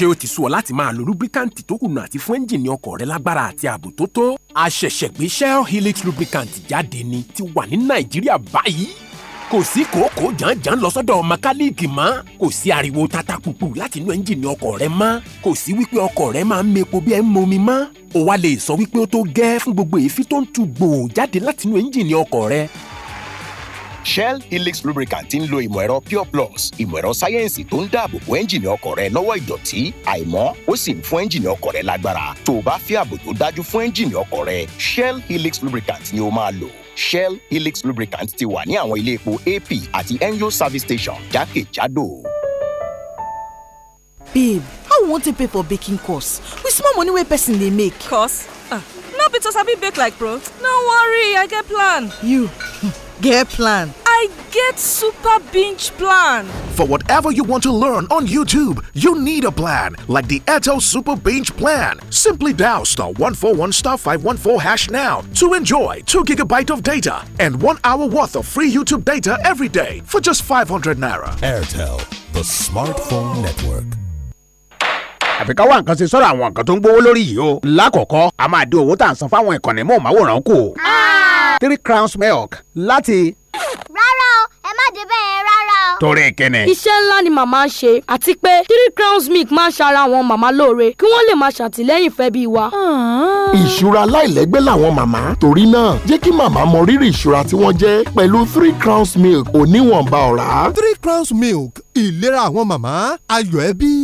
ṣé o ti sú ọ láti máa lo lubricant tó kùnà àti fún ẹ́ńjìnì ọkọ̀ rẹ lágbára àti ààbò tó tó? a gbé shell helix lubricant jáde ni ti wà ní nàìjíríà báyìí kò sí kòókòó jàǹjàǹ lọ sọ́dọ̀ mẹkáníìkì mọ́ kò sí ariwo tata pupu láti inú ẹ́ńjìnì ọkọ̀ rẹ mọ́ kò sí wípé ọkọ̀ rẹ máa ń mepo bí ẹ ń momi mọ́ o wá lè sọ wípé ó tó gẹ́ fún gbogbo èéfín tó ń tu gbòò jáde láti inú ẹ́ńjìnì ọkọ̀ rẹ Shell Helix lubricant ti ń lo ìmọ̀ ẹ̀rọ Pure Plus ìmọ̀ ẹ̀rọ sáyẹ́ǹsì tó ń dáàbò bo ẹ́ńjìnì ọkọ̀ rẹ lọ́wọ́ ìdọ̀tí àìmọ́ ó sì ń fún ẹ́ńjìnì ọkọ̀ rẹ lágbára tó o bá fẹ́ ààbò tó dájú fún ẹ́ńjìnì ọkọ̀ rẹ Shell Helix lubricant ni o máa lò Shell Helix lubricant ti wà ní àwọn ilé epo AP àti NGO service station jákèjádò. babe how we wan take pay for baking course with small money wey person dey make. course? ah no be to sabi bake like pro no worry i get plan. you. Get plan. I get super binge plan. For whatever you want to learn on YouTube, you need a plan like the Eto Super Binge plan. Simply dial star 141 star 514 hash now to enjoy 2 gigabyte of data and 1 hour worth of free YouTube data every day for just 500 naira. Airtel, the smartphone network. àfi ká wá nǹkan ṣe sọ́rọ̀ àwọn nǹkan tó ń gbówó lórí yìí o. lákọ̀ọ́kọ́ a máa di owó tá à ń san fáwọn ìkànnì mọ̀ọ́máwòrán kù. Ah! three crowns milk láti. rárá o ẹ má dé bẹ́ẹ̀ rárá o. torí kẹ́nẹ̀. iṣẹ́ ńlá ni màmá ń ṣe àti pé three crowns milk máa ń ṣara àwọn màmá lóore kí wọ́n lè máa ṣàtìlẹ́yìn fẹ́ bí wa. Ah. ìṣúra láìlẹ́gbẹ́ làwọn màmá torí náà jẹ́ kí màmá mọ rírì ìṣúra tí wọ́n jẹ́ pẹ̀lú three crowns milk oníwọ̀nba ọ̀rá. three crowns milk ìlera àwọn màmá ayọ̀ ẹbí.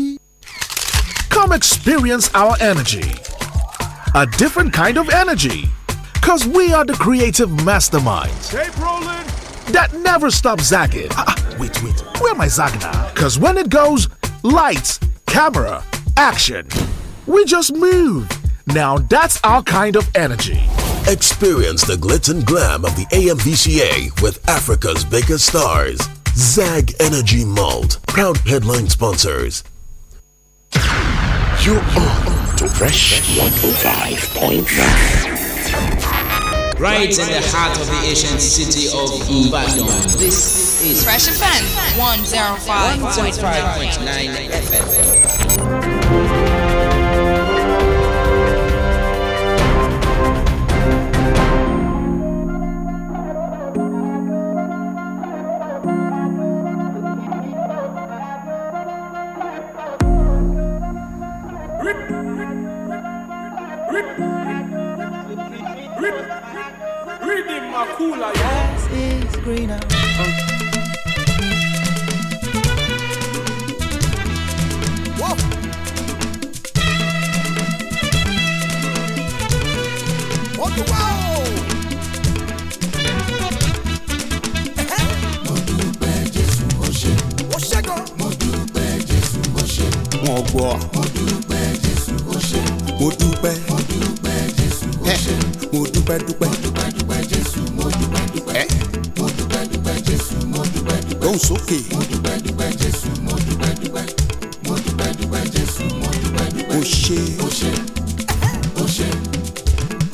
Come experience our energy. A different kind of energy. Because we are the creative masterminds. Hey, rolling. That never stops zagging. Ah, ah, wait, wait. Where am I zagging now? Because when it goes, lights, camera, action. We just move. Now that's our kind of energy. Experience the glitz and glam of the AMVCA with Africa's biggest stars. Zag Energy Malt, proud headline sponsors. You're on to Fresh 105.9. Right in the heart of the ancient city of Ibadan, this is Fresh Offense 105.9 FM. Rhythm Makula, yes. is greener. Whoa! What gbọ́. mo dúpẹ́ mo dúpẹ́ Jésù ó ṣe mo dúpẹ́ dúpẹ́ Jésù mo dúpẹ́ dúpẹ́ mo dúpẹ́ dúpẹ́ Jésù mo dúpẹ́ dúpẹ́ lóhùn sókè mo dúpẹ́ dúpẹ́ Jésù mo dúpẹ́ dúpẹ́ mo dúpẹ́ dúpẹ́ Jésù mo ṣe ó ṣe ó ṣe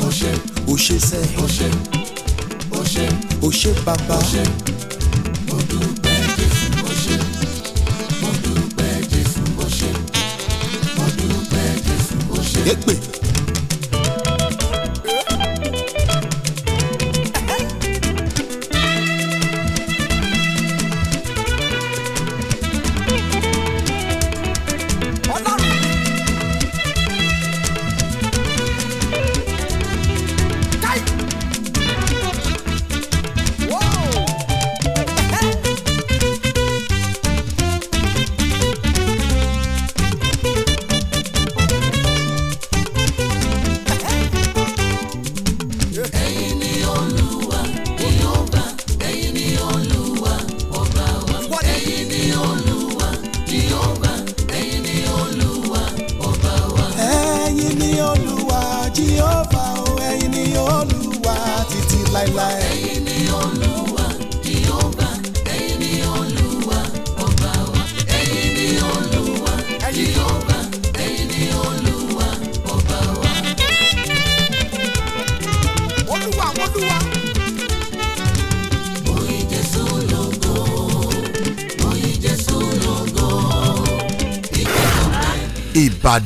ó ṣe sẹ́ ó ṣe ó ṣe ó ṣe bàbá mo dúpẹ́. ègbè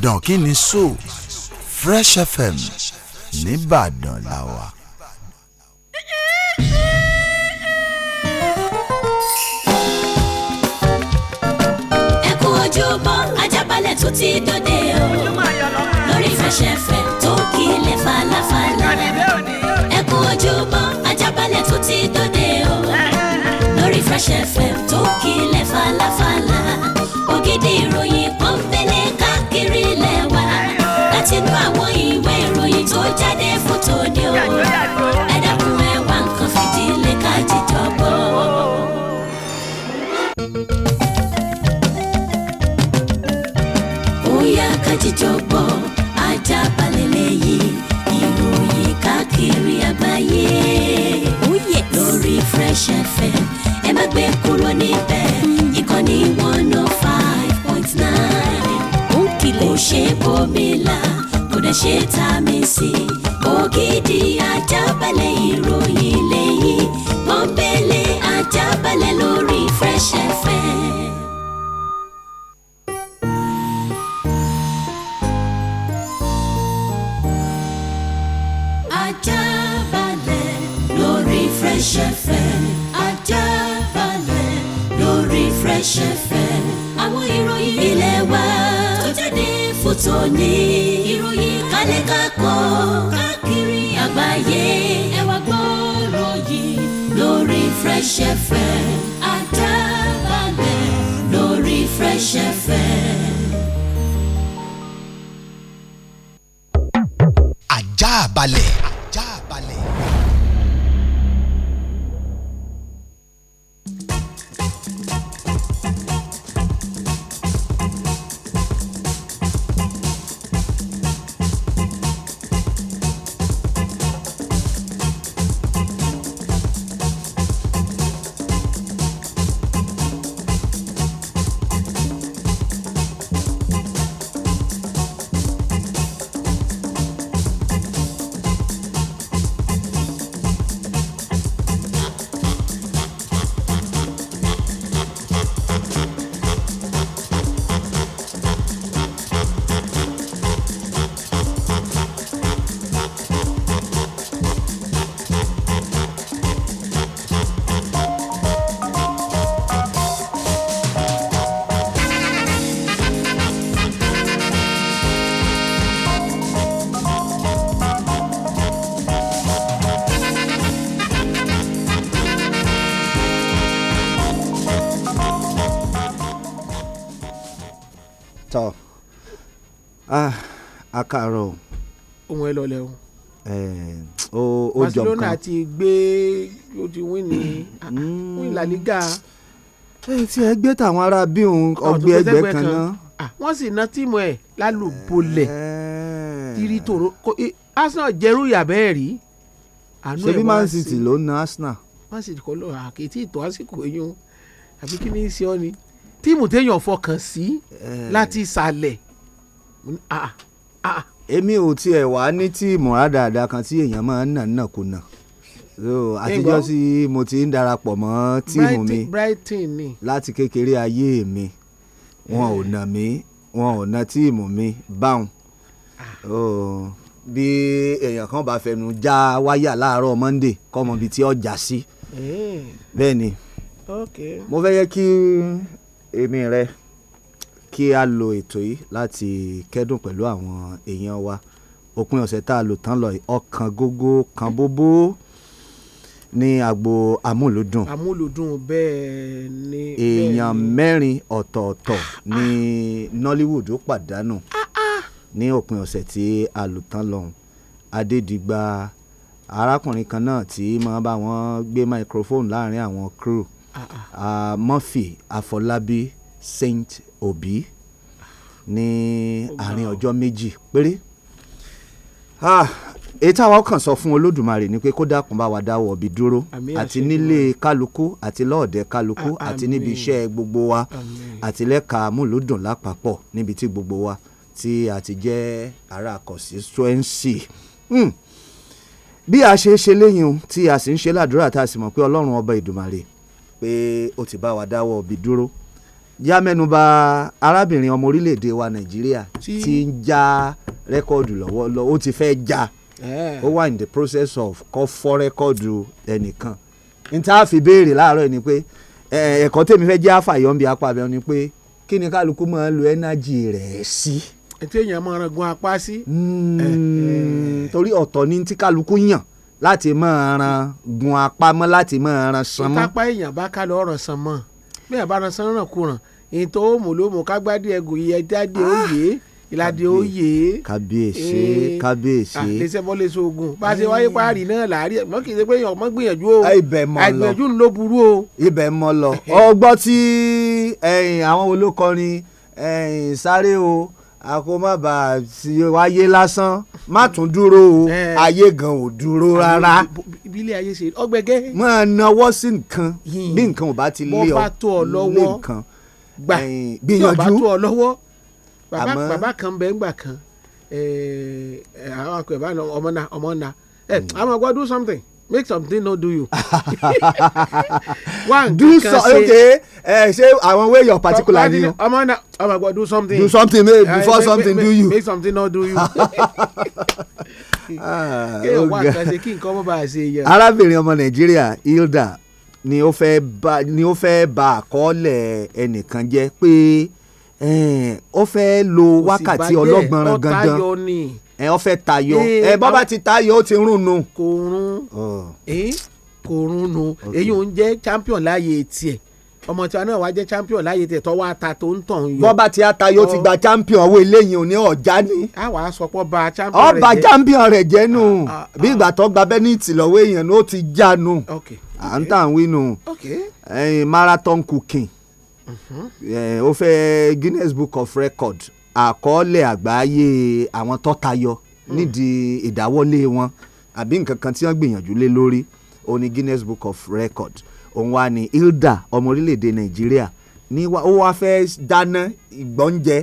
ìbàdàn kí ni so fresh fm nìbàdàn la wà. ẹ kú ojúmọ́ ajábalẹ̀ tó ti dòde o lórí fresh fm tó kílẹ̀ falafala ẹ kú ojúmọ́ ajábalẹ̀ tó ti dòde o lórí fresh fm tó kílẹ̀ falafala ògidì ìròyìn kan fẹ́lẹ́ káàkiri sínú àwọn ìwé ìròyìn tó jáde fún tòde o ẹ dákun ẹ wá nǹkan fìdílé ká jíjọ bóyá ká jíjọ ajá balẹ̀ lẹ́yìn ìròyìn káàkiri àgbáyé oh, lórí Fresh FM ẹ má gbé kúrò níbẹ̀ bòmílà kò dẹ̀ ṣe tá a mi sí ògidì ajábalẹ̀ ìròyìn lẹ́yìn. òní ìròyìn kálẹ̀ kakọ́ káàkiri àgbáyé ẹ wá gbọ́rọ̀ yìí lórí Fresh FM Àdábàgbẹ̀ lórí Fresh FM. àjà balẹ̀. ti gbé ó ti wí ní mm. wí La Liga. tí ẹ gbé tàwọn ará bí òun ọgbẹ ẹgbẹ kan náà. wọ́n sì ná tíìmù ẹ̀ lálùbọ́lẹ̀ tìrì tòró Arsenal jẹ́rú ìyàbẹ́ ẹ̀ rí. ṣebí Man City ló na Arsenal. Man City kọ́ lọ́ọ́ àkètì ìtọ́ àsìkò eyín àbí kí ni í ṣe ọ́ ni tíìmù téèyàn fọkàn sí láti ìsàlẹ̀ èmi ò tiẹ̀ wá ní tíìmù àdáadáa kan tí èèyàn máa ń nà nàkúnà so àtijọ́ sí mo ti ń darapọ̀ mọ́ tíìmù mi Brighton ni láti kékeré ayé mi wọn ò nà mí wọn ò nà tíìmù mi báwọn ah. oh, bí èèyàn kan bá fẹnu já wáyà láàárọ̀ Monday kọ́mọ bíi tí ọjà sí hmm. bẹ́ẹ̀ ni mo fẹ́ yẹ kí èmi rẹ kí a lo ètò yìí láti kẹ́dùn pẹ̀lú àwọn èèyàn wa òpin ọ̀sẹ̀ tá a lò tán lọ ọkàn gógó kan bóbó. Mm ní agbo amúlùdùn. amúlùdùn bẹ́ẹ̀ ni. èèyàn mẹ́rin ọ̀tọ̀ọ̀tọ̀ ah, ah. ní Nollywood ó pàdánù ah, ní òpin ọ̀sẹ̀ tí a lò tán lọ́hùn Adédìgbà arákùnrin kan náà tí máa bá wọn gbé microphone láàrin àwọn crew uh, Murphy Afolabi, Saint Obi ní àárín ọjọ́ méjì péré. Ah, èyí táwa kàn sọ fún olódùmarè ni pé kó dákun bá wa dáwọ́ ibi dúró àti nílé kálukú àti lọ́ọ̀dẹ kálukú àti níbi iṣẹ́ gbogbo wa àti lẹ́ka múlùdùn lápapọ̀ níbi tí gbogbo wa tí a ti jẹ́ ara constituency. Mm. bí a ṣe ṣe léyìn tí a sì ń ṣe ládùúrà tá a sì mọ̀ pé ọlọ́run ọba ìdùmarè pé ó ti bá wa dáwọ́ ibi dúró já mẹ́nuba arábìnrin ọmọ orílẹ̀-èdè wa nàìjíríà tí ń já rẹ́kọ́ọ̀dù lọ́wọ́ lọ ó ti fẹ́ já Eh. ó wà ní the process of kọ́ fọ́ rẹ́kọ́ọ̀dù ẹnìkan n tá fi béèrè láàárọ̀ ni pé ẹ̀kọ́ tèmi fẹ́ jẹ́ àfàyọ́nbi apá ni pé kí ni kálukú máa lo ẹ́nájì rẹ̀ sí. ètò èèyàn máa ran gun apá sí. Hmm, eh, eh. torí ọ̀tọ̀ ni tí kálukú yàn láti máa ran gun apá mọ́ láti máa ran san mọ́. ìtàpá èèyàn bá ká ọ̀rọ̀ san mọ́ bí àbáransán ran san ràn ètò òmùlòmù kágbádìí ẹgùn ìyẹn jáde ó yé. ìlàdí òye kábíyèsí kábíyèsí eh, àlẹsẹbọlẹ sóògùn bá a ṣe wáyé parí náà láàrí mọ kì í ṣe pé èèyàn mọ gbìyànjú o àgbẹ̀jú ló burú o. ibẹ̀ mọ lọ ọgbọ́n tí àwọn olókọrin sáré o a kò má bà á sí wáyé lásán má tún dúró o eh. ayé gan ò dúró rárá. ìbílẹ̀ ayé ṣe ọgbẹ́gẹ́. máa nawọ́ sí nǹkan hmm. bí nǹkan ò bá ti lé ọ lé nǹkan gbìyànjú bàbá bàbá kan bẹ́ẹ̀ ńgbà kan eh, eh, àwọn ọmọ náà ọmọ náà ẹ eh, hmm. àwọn ọgbọ́n do something make something no do you. one do so say, okay ẹ ṣe àwọn wey your particular ni o. ọmọ náà ọmọ ọgbọ́n do something. do something make, before uh, make, something make, do you. make something no do you. kéèyàn ah, wá oh, kan ṣe kí nǹkan ọmọ bá a ṣe yẹ. arábìnrin ọmọ nàìjíríà hilda ni ó fẹ́ ba, àkọọ́lẹ̀ ẹnìkan jẹ́ pé ó fẹ́ lo wákàtí ọlọ́gbọ̀n gangan ẹ ọ fẹ́ tayọ ẹ bọ́ bá ti tayọ ó ti rún nu. kò rún kò rún nu èyí ò jẹ́ champion láàyè tiẹ̀ ọmọ tiwa náà wàá jẹ́ champion láàyè tiẹ̀ tọ́wọ́ ata tó ń tàn yọ. bọ́ ti atayọ ti gba champion owó eléyìí òní ọ̀já ni. a wà á sọpọ́ ba champion rẹ̀ jẹ́. ọba champion rẹ̀ jẹ́ nù ah, ah, ah. bí ìgbà tó gba bẹ́nìtì lọ́wọ́ èèyàn ló ti já nù à ń tàn wí nù marathon cooking. Eh, ó fẹ́ Guinness Book of Record àkọọ́lẹ̀ àgbáyé àwọn tó tayọ nídìí ìdáwọ́lé wọn àbí nǹkan kan tí wọ́n gbìyànjú lé lórí òun ni Guinness Book of Record òun wà ní Hilda ọmọ orílẹ̀-èdè Nàìjíríà ní ó wá fẹ́ dáná ìgbọ́njẹ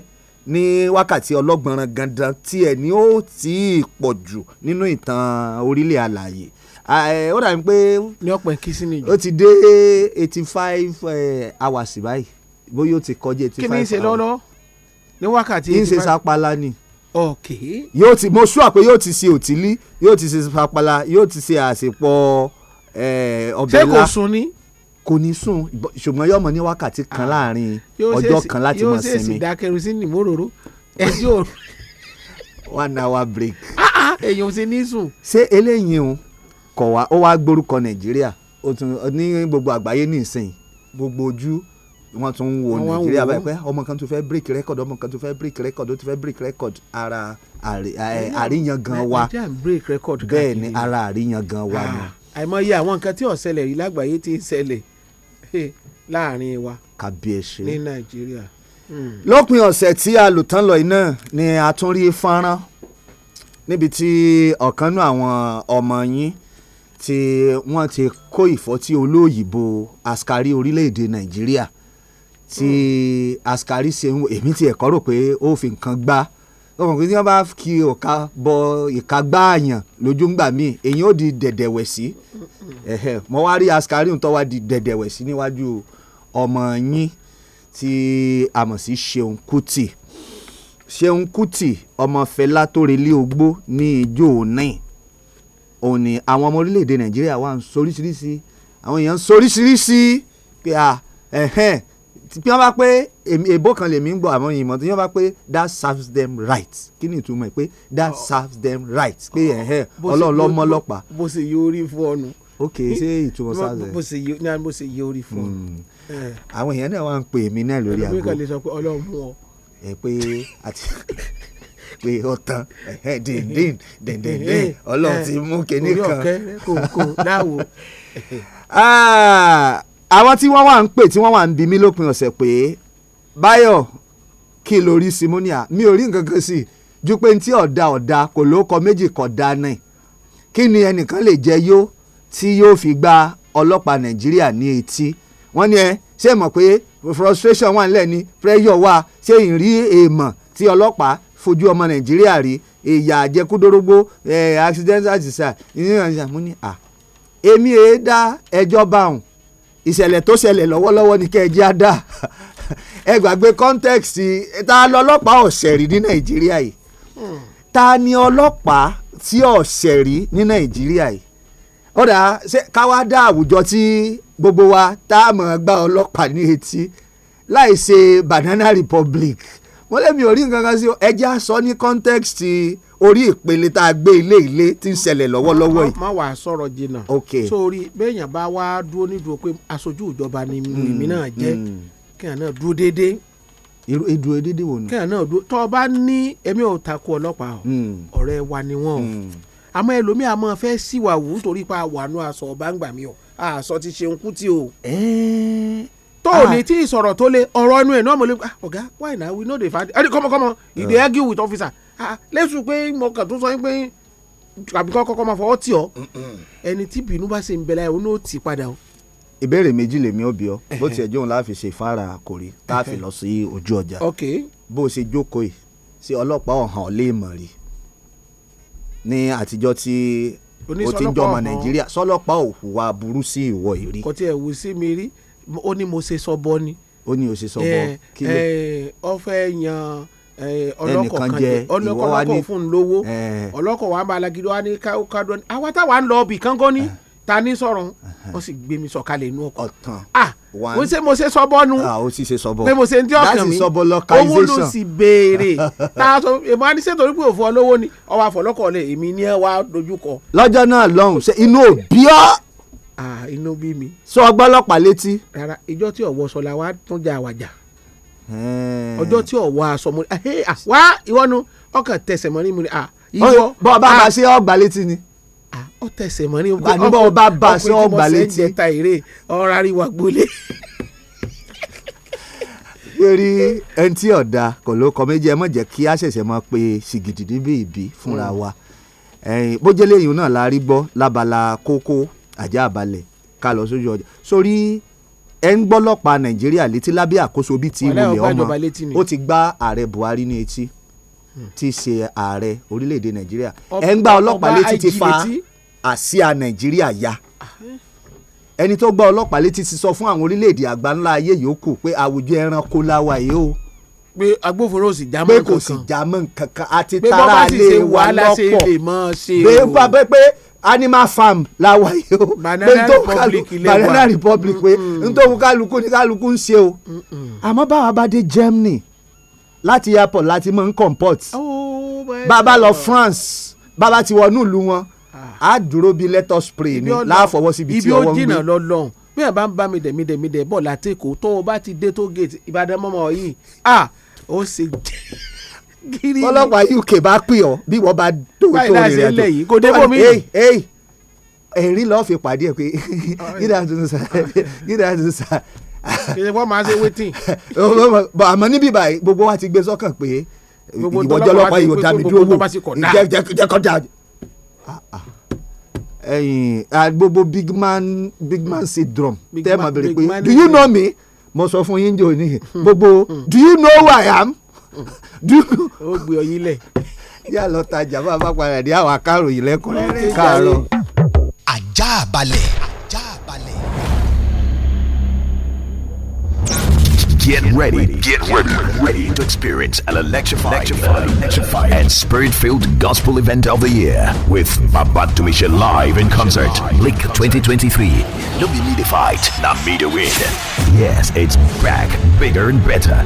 ní wákàtí ọlọ́gbọ̀nrán gandan tí ẹ̀ ní ó tí ì pọ̀ jù nínú ìtàn orílẹ̀ alàyè ó dàbí pé. ní ọ̀pẹ̀ kí sí nìjọ. ó ti dé eighty five hours báyìí bóyá ó ti kọjá eighty five hours. kí ni ìṣe lọ́lọ́ ní wákàtí eighty five. ìṣe sapala ni ok. yóò ti mo ṣúà pé yóò ti ṣe òtílí yóò ti ṣe papala yóò ti ṣe àṣepọ̀ ọbẹ̀ ńlá ṣé kò sùn ni. kò ní sùn ṣùgbọ́n yọmọ ní wákàtí kan ah, láàrin ọjọ́ kan láti mọ̀ sinmi. yóò ṣèṣì da kerosene móróró ẹjọ́. one hour break. Ah, ah, èèyàn ò ṣe ní sùn. ṣé eléyìí o kọ̀ wá ó wá gbórúkọ nàìjíríà ó tún ní gbogbo àgbáyé nísìnyí gbogbo ojú wọn tún ń wo nàìjíríà báyìí pé ọmọ kan tún fẹ́ break record ọmọ kan tún fẹ́ break record ó tún fẹ́ break record ara àríyàngan wa bẹ́ẹ̀ ni ara àríyàngan wa ni. Ah, àìmọye àwọn nǹkan tí ó ṣẹlẹ̀ rí lágbàáyé ti ń ṣẹlẹ̀ eh, láàrin wa kàbíyèsí ní nàìjíríà. Hmm. lópin ọ̀sẹ̀ tí a lò tán lọ iná ni a tún rí fọ́nrán níbi tí ọ̀kan nú àwọn ọmọ yín tí wọ́n ti kó ìfọ́tí olóyìnbó askari orílẹ̀-èdè nàìjíríà tí askari ṣe ń èmi ti ẹ̀kọ́ rò pé ó fi nǹkan gbá ọkàn kí wọ́n bá kí ọ̀ka bọ ìka gbá àyàn lójú ńgbà míì èyí ó di dẹ̀dẹ̀wẹ̀ sí mo wá rí askari ń tọ́ wá di dẹ̀dẹ̀wẹ̀ sí níwájú ọmọ yín tí a mọ̀ sí Ṣeun Kútì Ṣeun Kútì ọmọ Fẹlá tó relé ogbó ní ijó náà òun ni àwọn ọmọ orílẹ̀-èdè nàìjíríà wà ń soríṣiríṣi àwọn èèyàn ń soríṣiríṣi pé à ẹ̀hẹ́n tí wọ́n bá pé èbó kan lèmi ń gbọ́ àwọn ìmọ̀ tí wọ́n bá pé that serves them right kí ni ìtumọ̀ pé that serves them right pé ẹ̀hẹ́n ọlọ́run lọ́mọ ọlọ́pàá. bó ṣe yóò rí fún ọnu. ok ṣé ìtumọ̀ sáà rẹ̀. bó ṣe yóò rí fún ọnu. Hmm. àwọn èèyàn náà wà ń pè mí náà lórí àgbo. ọlọ́run mú ọ. ẹ pé àti. pé ó tán dìndín dìndín ọlọ́run ti mú kinní kan. orí ọ̀kẹ́ kòkó láwo. Ah, àwọn tí wọ́n wà ń pè tí wọ́n wà ń bi mí lópin ọ̀sẹ̀ pé báyọ̀ kí lórí simonia mi ò rí nǹkan kan sí i ju pé ntí ọ̀dà ọ̀dà kò ló kọ méjì kọ̀ dáná kí ni ẹnìkan lè jẹ yó tí yóò fi gba ọlọ́pàá nàìjíríà ní etí wọ́n ní ẹ ṣé mọ̀ pé frustration wà nílẹ̀ ni pressure wà ṣé ìrí èèmọ̀ tí ọlọ́pàá fojú ọmọ nàìjíríà rí ìyà àjẹkúdórógbó accidental disaster ìyẹn ìyẹn mo ní à èmi èé dá ẹjọ́ bá òun ìṣẹ̀lẹ̀ tó ṣẹlẹ̀ lọ́wọ́lọ́wọ́ ni kẹ́ẹ̀jẹ́ á dà ẹ gbàgbé context ta lọ́lọ́pàá ọ̀sẹ̀ rí ní nàìjíríà yìí ta ni ọlọ́pàá tí ọ̀sẹ̀ rí ní nàìjíríà yìí ọ̀dà káwá dá àwùjọ tí gbogbo wa tá a mọ̀ gbá ọlọ́pàá ní etí láì ṣe banana republic wọ́n lẹ́mi ò rí nǹkan kan sí o ẹja sọ ní context orí ìpele tá a gbé ilé ilé tí ń ṣẹlẹ̀ lọ́wọ́lọ́wọ́ yìí. má wàá sọ̀rọ̀ jìnnà sórí bẹ́ẹ̀yàn bá wá dúró nídùú pé aṣojú ìjọba ni hmm. èmi náà jẹ́ hmm. kéèyàn náà dúró déédéé irú ìdúró dídì wò ni. kẹ́hìn náà tọ́ ọ bá ní èmi ò takò ọlọ́pàá hmm. ọ̀rẹ́ wa ni wọ́n àmọ́ ẹlòmíì àmọ́ fẹ́ síwàwù nítorí pa àwọn àánú aṣọ ń gbà mí o àṣọ tó ò ní tí ìsọ̀rọ̀ tó le ọ̀rọ̀ ẹnu ẹ̀ náà mo lè ah ọ̀gá why na we no dey find ẹni kọ́mọ kọ́mọ you dey ah. argue with officer ah lẹ́sùn pé mo kàn tó sọ pé àbí kọ́kọ́ máa fọwọ́ tì ọ́ ẹni tí bínú bá ṣe ń bẹ̀rẹ̀ òun ó tì padà o. ìbéèrè méjì lèmi ò bí ọ bó tiẹ̀ jóun láàfin ṣe fara àkòrí tá a fi lọ sí ojú ọjà bó o ṣe jókòó yìí sí ọlọ́pàá ọ̀hàn lè mọ̀ rí ní àtijọ́ tí o ti ń jọmọ nàìjíríà sọlọ́pàá ò hùwà burú sí ìwọ yìí rí. kò tiẹ̀ wù sí mi rí ó ní mo ṣe sọ bọ́ ni. ó ní o ṣe sọ bọ́ eh, kí ló. Eh, ó fẹ́ yan eh, ọlọ́kọ̀ kan jẹ ọlọ́kọ̀ wa kọ̀ fún un lówó ọlọ́kọ̀ wa bá alágídí wa ní kádùn àwa táwa ń lọ ibì kángọ́ ni ta ní sọ̀rọ̀ wọ́n sì gbé mi sọ̀kalẹ̀ inú ọkọ̀. ọ̀tàn ah, one mo ṣe mo ṣe sọ́bọ́ nu ah o sì ṣe sọ́bọ́ pé mo ṣe ń dín ọkàn mi owó ló sì béèrè náà sọ èmi àti ṣètò orí pé òfò olówó ni ọwọ́ àfọlọ́kọ̀ lẹ̀ èmi ní ẹ wá dojúkọ. lọ́jọ́ náà lọ́hùn-ún ṣe inú òbí ọ́ inú bí mi. sọ ọgbọ́lọ́pàá létí. rárá ìjọ tí ọ̀wọ́ sọlá wa tún já àwàjà hmm. ọjọ́ tí ọ̀wọ́ aṣọ mo ní wá ìwọ nu ọkàn tẹsẹ̀ mọ́ ní mo ní ìwọ. bọ́ ọba bá ṣe ọgbà létí ni. ọ tẹsẹ̀ mọ́ ní bọ́ ọba bá ṣe ọgbà létí. ọkùnrin tí mo ṣe ń ta èrè ọ̀rọ̀ àríwá gbolé. péré ẹni tí ọ̀dà kò ló kọ méjì ẹ mọ̀ jẹ́ kí a ṣẹ̀ṣẹ̀ máa pe sìgìdì níbi ìbí fúnra wa bójúlé yìí náà la rí gbọ́ lábala kókó ajá balẹ̀ ká lọ sójú ọjà sórí ẹ ń gbọ́lọ́pàá nàìjíríà létí lábẹ́ àkóso bíi ti ìwòlẹ̀ ọmọ ó ti gbá ààrẹ buhari ní etí tí í ṣe ààrẹ orílẹ̀-èdè nàìjíríà ẹ ń gbá ọlọ́pàá létí ti fa àsíá nàìjíríà ya ẹni tó gbá ọlọ́pàá létí ti sọ fún àwọn orílẹ̀-èdè àgbáńlá ayé yòókù pé àwùjọ ẹranko láwa yìí o pé agbófinró sì já mọ́ nǹkan kan pé kò sì já mọ́ nǹkan kan àti tara lè wà lọ́pọ̀ pé bá bẹ́ẹ̀ pé animal farm la wà yìí o banana republic ilé banana republic pé nítorí kálukú ni kálukú ń ṣe o àmọ́ báwa bá dé Germany láti airport láti mọ̀ ń comport oh, bàbá lọ France bàbá ti wọnú ìlú wọn á ah. dúró bíi lettuce spray ni láàfọwọ́ síbi tí ọwọ́ ń gbé ibi ó jìnnà lọ́lọ́run bí ẹ bá ń bá mi dẹ̀mídẹ̀mídẹ̀ bọ̀ látẹ̀kọ̀ tó o bá ti dé tó gate Ìbàdàn mọ́mọ́ yìí ah ó ṣe jẹ́ gírí ni ọlọ́pàá uk bá pè ọ́ bí wọ́n bá dòótọ́ rẹ̀ rẹ̀ tó wà ní ẹ̀rín lọ́ọ́ fi pàdé ẹ̀ pé gíga tuntun sà gíga tuntun sà. kìí wọ́n máa ṣe waiting. àmọ́ níbí báyìí gbogbo wa ti gbé sọ́kàn pé ìwọ́jọ́ ọlọ́pàá yìí ò dá mi dúró wò jẹ́ kọjá ah, ah. ẹyin gbogbo big man big man syndrome tẹ́ ẹ máa bèrè pé do you know me mo sọ fún yín jò ní gbogbo do you know who I am ó gbé ọyìn lẹ̀. yà lọ tajà bá a bá àwọn ajá balẹ̀. Get ready, get ready, ready to experience an electrifying, electrifying and spirit-filled gospel event of the year with Babatumisha live in concert. Lick 2023. Nobody need fight, not me to win. Yes, it's back, bigger and better.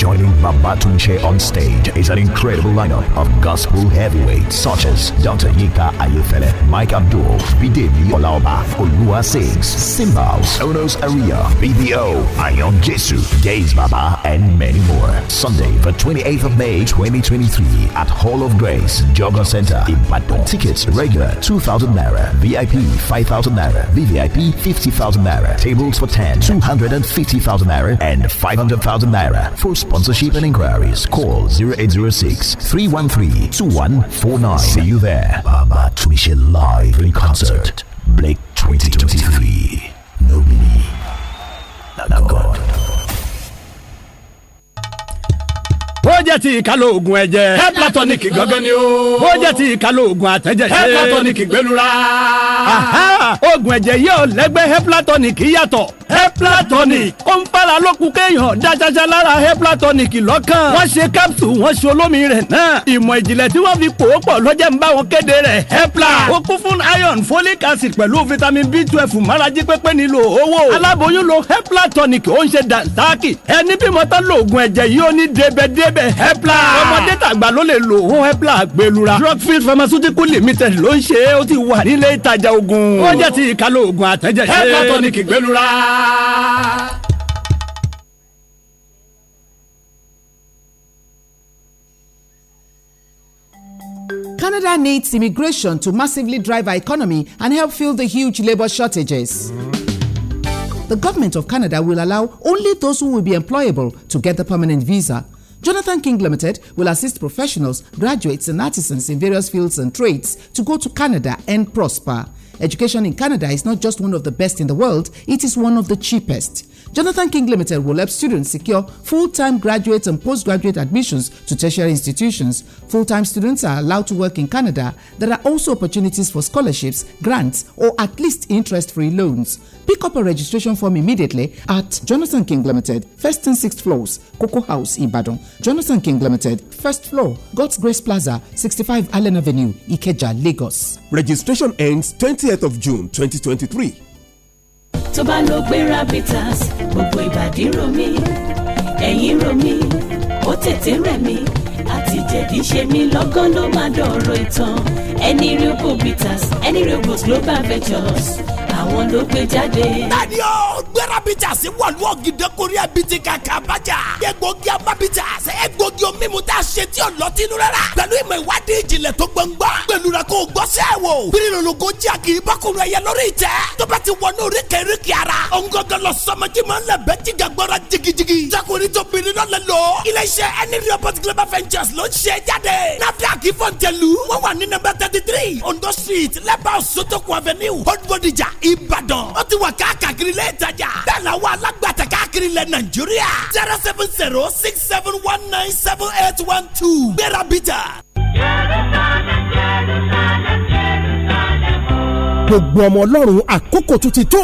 Joining Babatunche on stage is an incredible lineup of gospel heavyweights such as Dr. Yika Ayufele, Mike Abdul, Bidemi Olaoba, Olua Sings, Simbao, Sonos Aria, BBO, Ion Jesu, Gaze Baba, and many more. Sunday, the 28th of May 2023 at Hall of Grace, Jogger Center, In Ibadan. Tickets regular 2,000 Naira, VIP 5,000 Naira, VVIP 50,000 Naira, tables for 10, 250,000 Naira, and 500,000 Naira. For sponsorship and inquiries, call 0806 313 2149. See you there. Baba Tumishe live in concert. Blake 2023. ó jẹ́ ti ìkálò oògùn ẹ̀jẹ̀. hepla tonic gangan ni o. ó jẹ́ ti ìkálò oògùn àtẹ̀jẹ̀ṣe. hepla tonic gbẹlura. oògùn ẹ̀jẹ̀ yóò lẹ́gbẹ́ hepla tonic yàtọ̀. hepla tonic ó ń fara lókun kéèyàn dá lára hepla tonic lọ́kàn. wọ́n ṣe capsule wọ́n ṣe olómi rẹ̀ náà. ìmọ̀ ìjìnlẹ̀ tí wọ́n fi pò ó pọ̀ lọ́jẹ́ ń bá wọn kéde rẹ̀ hepla. ó kún fún iron folic acid pẹ̀lú vitamin b twelve márajì pépé nílò owó. aláboyún lo hepla tonic ó ń ṣe dànsáàkì. ẹni bímọ tán lo oògùn ẹ̀jẹ̀ yìí ó ẹlẹ́bẹ̀ hepla. ọmọdé tàgbà ló lè lo ohun hepla gbẹlura. drugfield pharmaceutical limited ló ń ṣe é ó ti wà nílé ìtajà oògùn. ó jẹ́ ti ìkálò oògùn àtẹ̀jẹ̀ ṣe. hepla tonic gbẹlura. Canada needs immigration to massively drive our economy and help fill the huge labor shortages. The government of Canada will allow only those who will be employable to get the permanent visa Jonathan King Limited will assist professionals, graduates, and artisans in various fields and trades to go to Canada and prosper. Education in Canada is not just one of the best in the world, it is one of the cheapest. Jonathan King Limited will help students secure full time graduate and postgraduate admissions to tertiary institutions. Full time students are allowed to work in Canada. There are also opportunities for scholarships, grants, or at least interest free loans. Pick up a registration form immediately at Jonathan King Limited, first and sixth floors, Cocoa House, Ibadan. Jonathan King Limited, first floor, God's Grace Plaza, 65 Allen Avenue, Ikeja, Lagos. Registration ends 20 30th of June 2023. tó bá lọ gbé rabitas gbogbo ìbàdí ro mí ẹ̀yìn ro mí ó tètè rẹ̀ mí àti jẹ̀dí ṣe mí lọ́gán ló má dọ̀rọ̀ ìtàn ẹni rí o go bitters ẹni rí o go global ventures àwọn ló gbé jáde. bẹ́ẹ̀ni o gbẹ́rabìjà sí wọ̀lú ọ̀gìdẹ́ korí ẹbí ti kàkà bàjà. egbògi ababìjà sẹ́ egbògi omimu tá a ṣe tí ò lọ tínú rárá. pẹ̀lú ìmọ̀ ìwádìí ìjìnlẹ̀ tó gbọ̀ngbọ́n. pẹ̀lú rẹ̀ kò gbọ́ sẹ́ wò. bírílòlògó jẹ́ kì í bọ́kùnrin ẹ̀yẹ lórí ìtẹ́. tó bá ti wọnú oríkèéríkèé ara. òǹgọ̀gọ̀ lọ sọmọjí máa ń lẹ̀ bẹ́ jíjà gbọ́ra jigijigi. jẹkùnrin tó bìnrin náà lè lò. iléeṣẹ́ ẹni robert global ventures ló ń ṣe jáde. nafdac fọ̀ǹtẹ̀lù. wọ́n wà ní nọ́mbà thirty three Ondo street lẹ́bàá Sotokun avenue. old bodija Ìbàdàn ó ti wà káàkiri ilé ìtajà bẹ́ẹ̀ la wà alágbàtà káàkiri ilẹ̀ Nàìjíríà zero seven zero six seven one nine seven eight one two gbéra bíjà. Jerusalem, Jerusalem gbogbo ọmọ ọlọ́run àkókò tún ti tó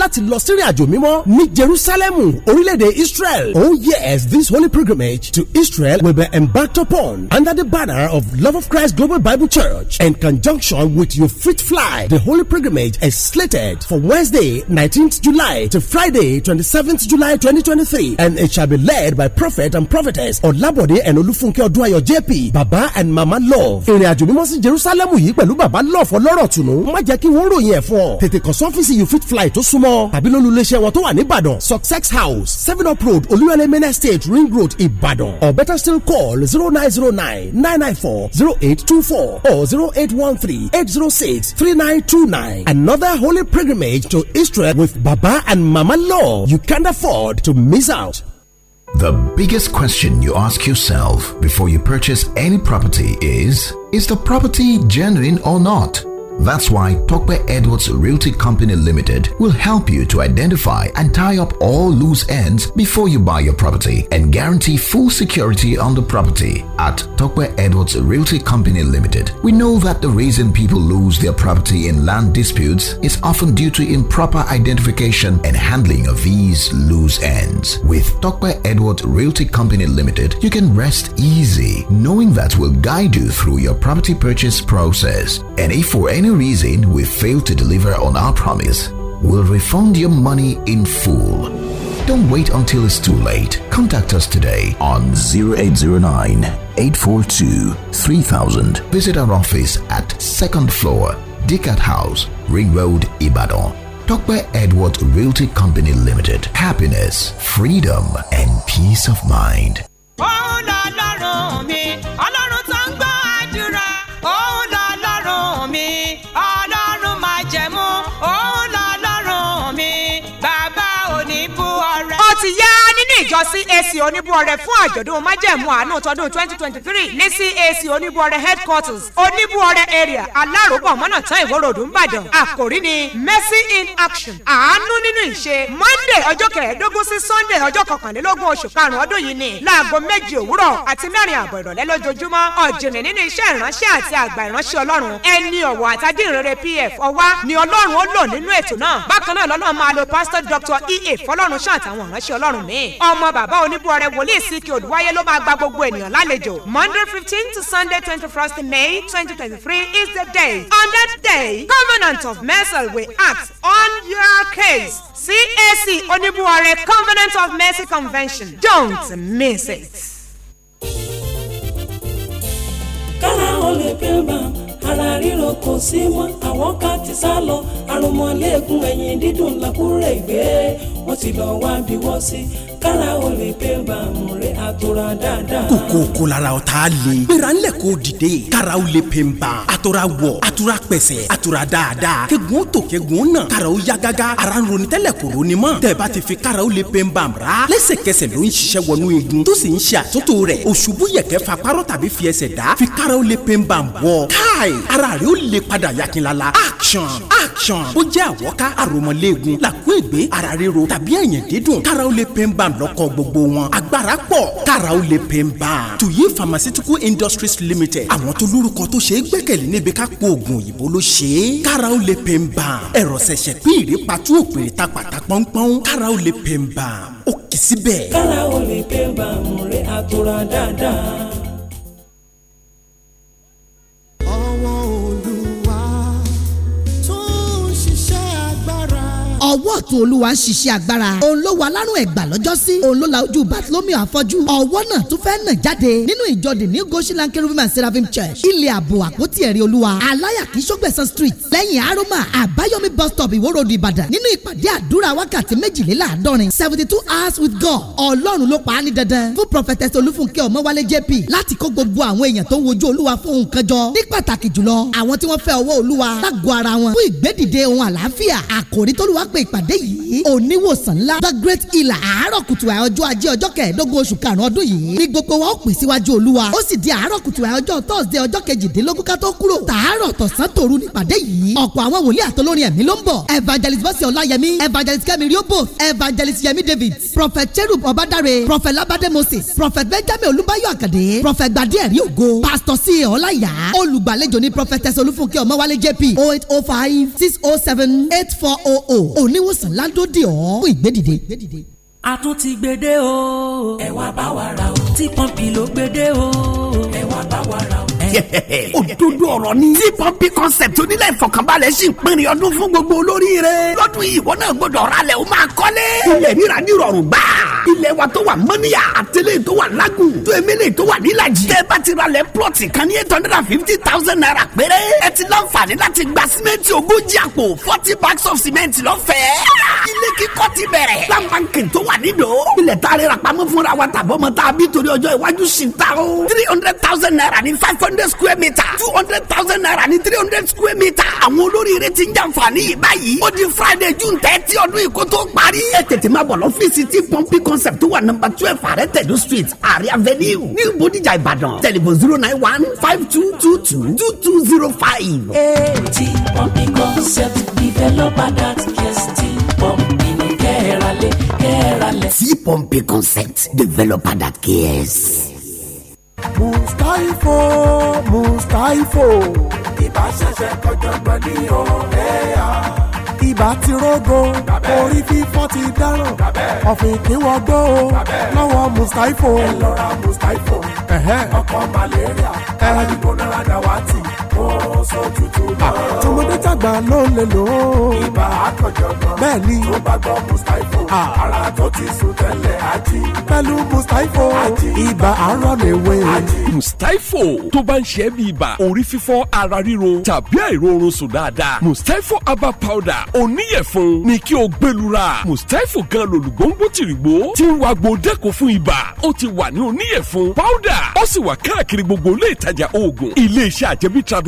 láti lọ sírìn àjò mímọ́ ní jerusalemu orílẹ̀-èdè israel oh yes this holy pilgrimage to israel will be embarked upon under the banner of love of christ global bible church in conjunction with your fit fly the holy pilgrimage is slated for wednesday 19th july to friday 27th july 2023 and it shall be led by prophet and prophetess olabode and olufunke oduayo jp baba and mama love ìrìn àjò mímọ́ sí jerusalemu yìí pẹ̀lú baba love ọlọ́rọ̀ tùnú má jẹ́ kí wọ́n ń ròyìn ẹ̀ fún ọ tètè kàn sọ́fíìsì you fit fly tó súnmọ́ tàbí lólùléṣẹ́ wọn tó wà níbàdàn success house seven up road olúyọlé main estate ring road ìbàdàn or better still call zero nine zero nine nine nine four zero eight two four or zero eight one three eight zero six three nine two nine another holy pilgrimage to Israel with Baba and Mama Law you can't afford to miss out. The biggest question you ask yourself before you purchase any property is Is the property genuine or not? That's why Tokwe Edwards Realty Company Limited will help you to identify and tie up all loose ends before you buy your property and guarantee full security on the property. At Tokwe Edwards Realty Company Limited, we know that the reason people lose their property in land disputes is often due to improper identification and handling of these loose ends. With Tokwe Edwards Realty Company Limited, you can rest easy knowing that we'll guide you through your property purchase process. And if for any any reason we fail to deliver on our promise, we'll refund your money in full. Don't wait until it's too late. Contact us today on 0809 842 3000. Visit our office at 2nd floor, Dickard House, Ring Road, Ibadan. Talk by Edward Realty Company Limited. Happiness, freedom, and peace of mind. Oh, see CAC Oníbuọrẹ fún àjọ̀dún májẹ̀mú àánú tọdún twenty twenty three ní CAC Oníbuọrẹ headquarters Oníbuọrẹ area aláròbọ̀ mọ́nà tán ìwọ́rọ̀dù ńbàdàn àkòrí ni mercy in action àánú nínú ìṣe Monday ọjọ́ kẹẹ̀ẹ́dógún sí Sunday ọjọ́ kọkànlélógún oṣù karùn-ún ọdún yìí ni láago méje òwúrọ̀ àti mẹ́rin àbọ̀ ìrọ̀lẹ́ lójoojúmọ́ ọ̀jìnì nínú iṣẹ́ ìránṣẹ́ àti àgbà ìránṣẹ́ Ọlọ́run ẹni ọ̀wọ̀ àtàdínrere PF ọwá ni Ọlọ́run ó lò nínú ètò náà bákan náà lọ́nà máa lo Pastor Dr. EA Fọlọ́runṣọ́ àtàwọn ìránṣẹ́ Ọlọ́run míì ọmọ bàbá oníbúọrẹ wòlíì síkì olùwáyé ló máa gba gbogbo ènìyàn lálejò monday fifteen to sunday twenty first may twenty twenty three is the day on that day covenant of mercy will act on your case cac oníbúọrẹ covenant of mercy convention don't miss it ara ríro kò sí mọ́ àwọn ká ti sá lọ àrùnmọ́lẹ́ẹ̀kún ẹ̀yìn dídùn làkúrẹ́ ìgbé wọ́n ti lọ wá bí wọ́n sí kára o lè pé bàmù rẹ̀ àtòrà dáadáa. kókó kó lara o t'a gbéra ńlẹ̀ k'o dìde. kára o lè pè n ban. wọ̀ àtòrà pẹ̀sẹ̀ àtòrà dáadáa. kẹ́gun tó kẹ́gun nà. kára o ya gágá. ara ń roni tẹ́lẹ̀ kò roni mọ́. tẹ̀bá ti fi kára o lè pè n ra. lẹ́sẹ̀kẹsẹ̀ ló ń ṣiṣẹ́ wọnú igun. tó sì ń ṣe àtúntò rẹ̀. òṣùbù yẹ̀kẹ́ fa párọ̀ tàbí fi ẹsẹ̀ dá. fi kára ara rẹ̀ ó lè padà yakinlala action action ó jẹ́ àwọ́ká àròmọléegun làkúègbé ara ríro tàbí ẹ̀yìn dídùn kára ó lè pen ban lọ́kọ̀ gbogbo wọn agbára pọ̀ kára ó lè pen ban tuyi pharmaceutical industries limited àwọn tó lórúkọ tó ṣe é gbẹ́kẹ̀lé níbi ká po oògùn òyìnbó ló ṣe é kára ó lè pen ban ẹ̀rọ ṣẹ̀ṣẹ̀ pín ìrèpàtú òpèrè tapàtà pọ́npọ́n kára ó lè pen ban ó kì í síbẹ̀. kára ó lè pen ban mú rẹ̀ àtúrà dáadáa ọwọ́ ọ̀tún olúwa ń ṣiṣẹ́ agbára òun ló wà lárùn ẹ̀gbà lọ́jọ́ sí òun ló la ojú Bartholomew afọ́jú ọwọ́ náà tún fẹ́ nà jáde nínú ìjọ the new Goshen Kerubim and Seraphim Church ilé ààbò àpótí ẹ̀rí olúwa aláyàkí sọ́gbẹ̀sán street lẹ́yìn aroma àbáyọ̀mí bus stop ìwó road ìbàdàn nínú ìpàdé àdúrà wákàtí méjìléláàádọ́rin seventy two hours with God ọlọ́run ló pa á ní dandan fún prophetess olúfúnkẹ́ ọmọwálé jp láti kó gbogbo àwọn èèyàn tó ń wojú olúwa fún òun kan jọ ní pàtàkì jùlọ àwọn tí wọ́n fẹ́ ọwọ́ olúwa lágọ̀ọ́ ara wọn fún ìgbédìde ohun àlàáfíà àkòrí tólúwa p pé ìpàdé yìí oníwòsàn ńlá the great healer àárọ̀ kùtù ọjọ́ ajé ọjọ́ kẹẹ̀ẹ́dógún oṣù karùn-ún ọdún yìí ni gbogbo wa ó pè síwájú olúwa ó sì di àárọ̀ kùtù ọjọ́ thursday ọjọ́ kejìdínlógún ká tó kúrò tààrọ̀ tọ̀sán tòru nípàdé yìí ọ̀pọ̀ àwọn wòlíì àtolórin ẹ̀mí ló ń bọ̀ evangelist bọ́sẹ̀ ọláyẹmí evangelist kẹ́mi riobo evangelist yẹmi david prophet cherub ọbadare prophet labade moses prophet benjamin olúbáyọ̀ àkàdé prophet gbadé ẹ̀rí ògo pastor c ọláyà olùgbàlejò ní prophet tẹ̀sán olúfúnkẹ́ ọmọwálé jp oh eight oh oníwòsàn ládòdì ọ̀ fún ìgbédìde. a tún ti gbede o. ẹ wá bá wa ra o. tí pọ́ǹpì ló gbede o. ẹ wá bá wa ra o òdodo ọ̀rọ̀ ni. tí pọ́ńpì concept onílẹ̀ ìfọkànbalẹ̀ sì ń pinni ọdún fún gbogbo olórí rẹ̀. lọ́dún yìí ìwọ náà gbọ́dọ̀ ralẹ̀ o máa kọ́lé. ilẹ̀ ríra ní ìrọ̀rùn gbà. ilẹ̀ wa tó wà mọ́níyà àtẹlẹ́ tó wà lágùn tó emele tó wà nílàjì. tẹ́ bá ti ralẹ̀ plọ̀tì kan ní eight hundred and fifty thousand naira péré. ẹ ti láǹfààní láti gba símẹ́ǹtì ogójì àpò forty bags of cement lọ́fẹ̀ẹ́. ilé kíkọ́ ti bẹ̀rẹ̀. láǹbàǹkì tó wà nídò. ilẹ̀ tá a rẹ̀ rà pamọ́ fúnra wa tàbọ́mọ tá a bí torí ọjọ́ iwájú sí ta o. three hundred thousand naira ní five hundred hundred square meter two hundred thousand naira ní three hundred square meter àwọn olóríire ti ń jàǹfààní yìí báyìí ó di friday june thirty ọdún yìí kó tó parí. ẹ tètè máa bọ̀ lọ́fíìsì tí pọ́ńpì concept wà Number twelve àrẹ tẹ̀lú street àrẹ avenue ní bòdìjà ìbàdàn tẹlifon zero nine one five two two two two two zero five. ti pọ́ńpì concept developer that cares ti pọ́ńpì ní kẹ́ẹ̀rẹ́lẹ̀ kẹ́ẹ̀rẹ́lẹ̀. ti pọ́ńpì concept developer that cares mustaifo mustaifo. ibà ṣẹ̀ṣẹ̀ kọjọ́gbọ́n ní ọ̀rẹ́ à. ibà ti rógo orí fífọ́ ti dáràn ọ̀fìn kí wọ́n gbó o lọ́wọ́ mustaifo. ẹ lọ ra mustaifo ọkọ̀ malaria aládìgbò náírà dàwátì tọmọdé tàgbà ló ń lè lò ó. ibà àkànjọ̀gbọ́n bẹ́ẹ̀ ni tó bá gbọ́ mustapho ara tó ti sùn tẹ́lẹ̀ ají. pẹ̀lú mustapho ibà arọ lè wé. mustapho tó bá ń ṣe é bí ibà orí fífọ́ ara ríro tàbí àìróorun sùn dáadáa mustapho herbal powder oníyẹ̀fun ni kí o gbẹlura mustapho gan lòlùgbòǹgbò tìrìgbò ti ń wa gbo dẹ́kun fún ibà ó ti wà ní oníyẹ̀fun powder ó sì wà káàkiri gbogbo ilé ìtajà oògùn ilé iṣẹ́ àjẹbí trad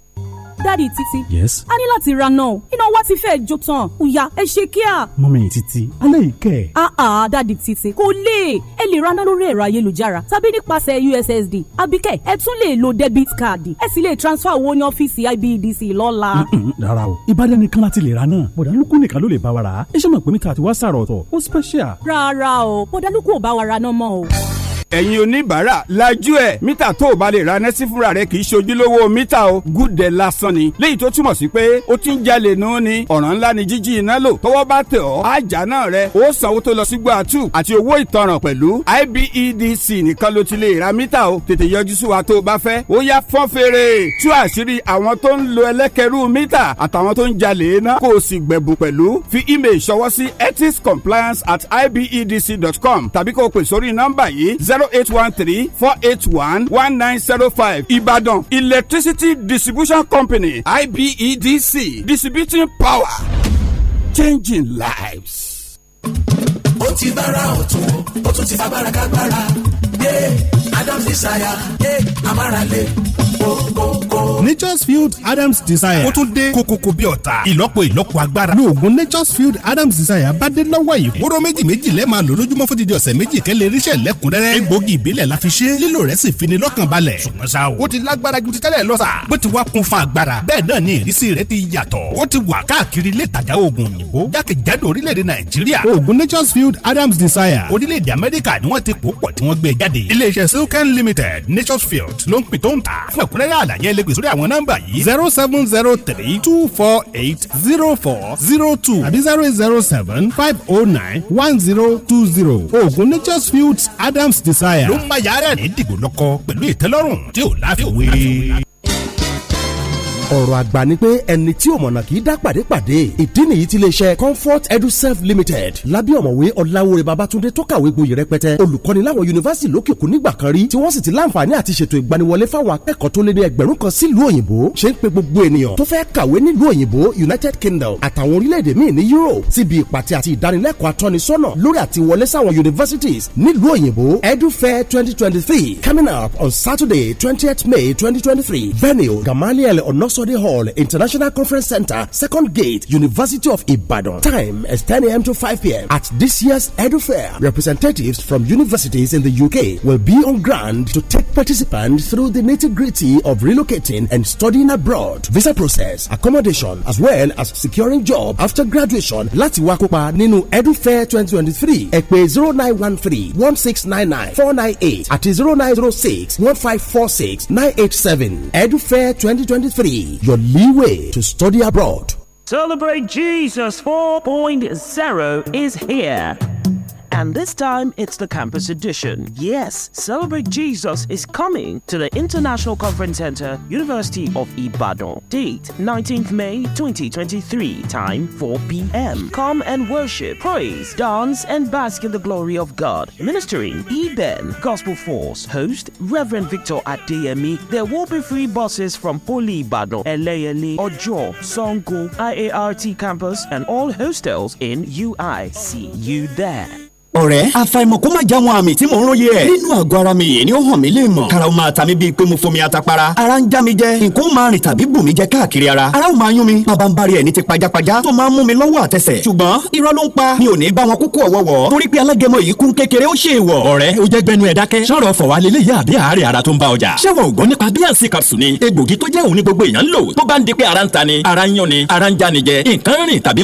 dáàdi títí. yes. a ní láti ra náà iná wa ti fẹ́ẹ́ jó tán òyà ẹ ṣe kíá. mọ́mí títí alẹ́ yìí kẹ́ ẹ̀. Ah, àà ah, dáàdi títí kò lè ẹ lè raná lórí ẹ̀rọ ayélujára tàbí nípasẹ̀ ussd àbíkẹ́ ẹ tún lè lo debit card ẹ sì lè transfer owó ní ọ́fíìsì ibedc lọ́la. rárá o ìbàdàn nìkan láti lè ra náà bọ̀dà lukú nìkan ló lè bá wa rà á ẹ ṣe mọ̀ pé mi ta àti wá sàrọ̀ ọ̀tọ̀ ó special. rárá o bọ̀dà lukú ò bá wa ra náà mọ́ o ẹ̀yin oníbàárà lajú ẹ̀ mítà tó o bá lè ra nẹ́sí fúnra rẹ̀ kì í ṣojúlówó mítà o gúdẹ̀ lásán ni léyìí tó túmọ̀ sí pé ó ti ń jalè nù ni ọ̀ràn ńlá ni jíjí iná lò tọwọ́ bá tẹ̀ ọ́ àjà náà rẹ̀ ó sanwó tó lọ sí gbàtú àti owó ìtanràn pẹ̀lú IBEDC nìkan ló ti lè ra mítà o tètè yọjú sí wa tó o bá fẹ́ ó yá fọ́n fèrè tú àṣírí àwọn tó ń lo ẹlẹ́kẹrú mítà àtàwọn tó ń jalè iná kó o sì gbẹ̀bù pẹ̀lú fi email ṣọwọ́ sí ethicscompliance at ibedc dot com tàbí kó o pè sórí nọ́mbà yìí zero zero eight one three four eight one one nine zero five Ibadan Electricity Distribution Company IBEDC distributing power changing lives. ó ti bára ọ̀tún ó tún ti fagbára kágbára yé Adams Desire yé amárale nature's field adams desire ó tún dé kókókó bí ọ̀tá ìlọ́po ìlọ́po agbára lóògùn nature's field adams desire bá dé lọ́wọ́ yìí kóró méjì méjì lẹ́ẹ̀ máa lò lójúmọ́ fún dídí ọ̀sẹ̀ méjì kẹ́lẹ́ irísẹ̀ lẹ́kùnrẹ́rẹ́ egbògi ìbílẹ̀ la fi ṣe lílò rẹ̀ sì fi ni lọ́kàn balẹ̀ ṣùgbọ́n ṣá o ó ti lágbára ju ti tẹ́lẹ̀ lọ sà bó ti wá kún fún agbára bẹ́ẹ̀ náà ni ìrísí rẹ̀ nature's field adams desire orílẹ̀-èdè amẹ́ríkà ni wọ́n ti pòpọ̀ tí wọ́n gbé e jáde iléeṣẹ́ limited nature's field ló ń pin ẹ̀kúnrẹ́rẹ́ àlàyé ẹ sórí àwọn nọ́mbà yìí zero seven zero three two four eight zero four zero two àbí zero eight zero seven five oh nine one zero two zero oògùn nature's fields adams desire ló ń bá yàrá ní dìgbò lọ́kọ pẹ̀lú ìtẹ́lọ́rùn tí ò láfiwé ọ̀rọ̀ àgbà ni pé ẹni tí òmọ̀nà kì í dá pàdépàdé ìdí nìyí ti iléeṣẹ́ comfort eduserve limited lábẹ́ ọ̀mọ̀wé ọ̀làwọ̀rẹ̀ babatunde tó kàwé gboyè rẹpẹtẹ olùkọ́ni láwọn yunifásitì lókè òkun nígbà kan rí tí wọ́n sì ti láǹfààní àti ṣètò ìgbaniwọlé fáwọn akẹ́kọ̀ọ́ tó lé ní ẹgbẹ̀rún kan sílùú òyìnbó ṣe ń pe gbogbo ènìyàn tó fẹ́ kàwé nílùú òyìnbó united kingdom àtàwọn orílẹ̀-èdè míì ní europe síbi ìpàtẹ àti ìdánilẹ́kọ̀ọ́ atọ́nisọ́nà lórí àtiwọlé sáwọn universities nílùú òyìnbó edufair twenty twenty three coming up on saturday twentieth may twenty twenty three venue gamaliel onoso Sorry Hall, International Conference Center, Second Gate, University of Ibadan. Time is 10 a.m. to 5 p.m. At this year's Edu Fair, representatives from universities in the UK will be on ground to take participants through the nitty gritty of relocating and studying abroad, visa process, accommodation, as well as securing job after graduation. Láti wá kópa nínú Edu Fair 2023, ẹ 0913 1699 498 at 0906 1546 987 Edu Fair 2023 your leeway to study abroad. Celebrate Jesus 4.0 is here and this time it's the campus edition. Yes, Celebrate Jesus is coming to the International Conference Center, University of Ibadan. Date 19th May 2023, time 4 p.m. Come and worship, praise, dance, and bask in the glory of God. Ministering Eben, Gospel Force, host Reverend Victor Adeyemi. There will be free buses from Poli Ibadan, Eleyele, Ojo, Songo, IART campus, and all hostels in UIC. See you there. ọ̀rẹ́ àfàìmọ̀ kó má já wọn àmì tí mò ń róye ẹ̀. nínú àgọ́ ara mi yìí ni ó hàn mí lè mọ̀. karaw máa ta mi bíi pé mo fomi atapara. ara ń já mi jẹ nǹkan máa rìn tàbí bù mí jẹ káàkiri ara. ara ò máa yún mi bàbá ń bari ẹ̀ ní ti pajápajá tó máa ń mú mi lọ́wọ́ àtẹsẹ̀. ṣùgbọ́n irọ́ ló ń pa mi ò ní bá wọn kúkú ọ̀wọ́wọ́ torí pé alágẹmọ yìí kún kékeré ó ṣe o jẹ́ gbẹnu ẹ̀ dákẹ́. sọ̀rọ̀ fọ̀wá lélẹ́yìí àbí àárẹ̀ ara tó ń bá ọjà. ṣé wọn ò gbọ́ nípa bíànsì capsule ni egbògi tó jẹ́ òun ní gbogbo èèyàn ń lò tó bá ń di pé ara ń ta ni ara ń yán ni ara ń já ni jẹ nǹkan rìn tàbí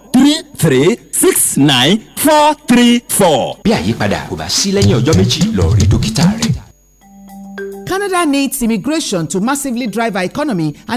three three six nine four three four. bí àyípadà kò bá sí lẹ́yìn ọjọ́ méjì lọ rí dókítà rẹ. Canada needs immigration to massively drive our economy and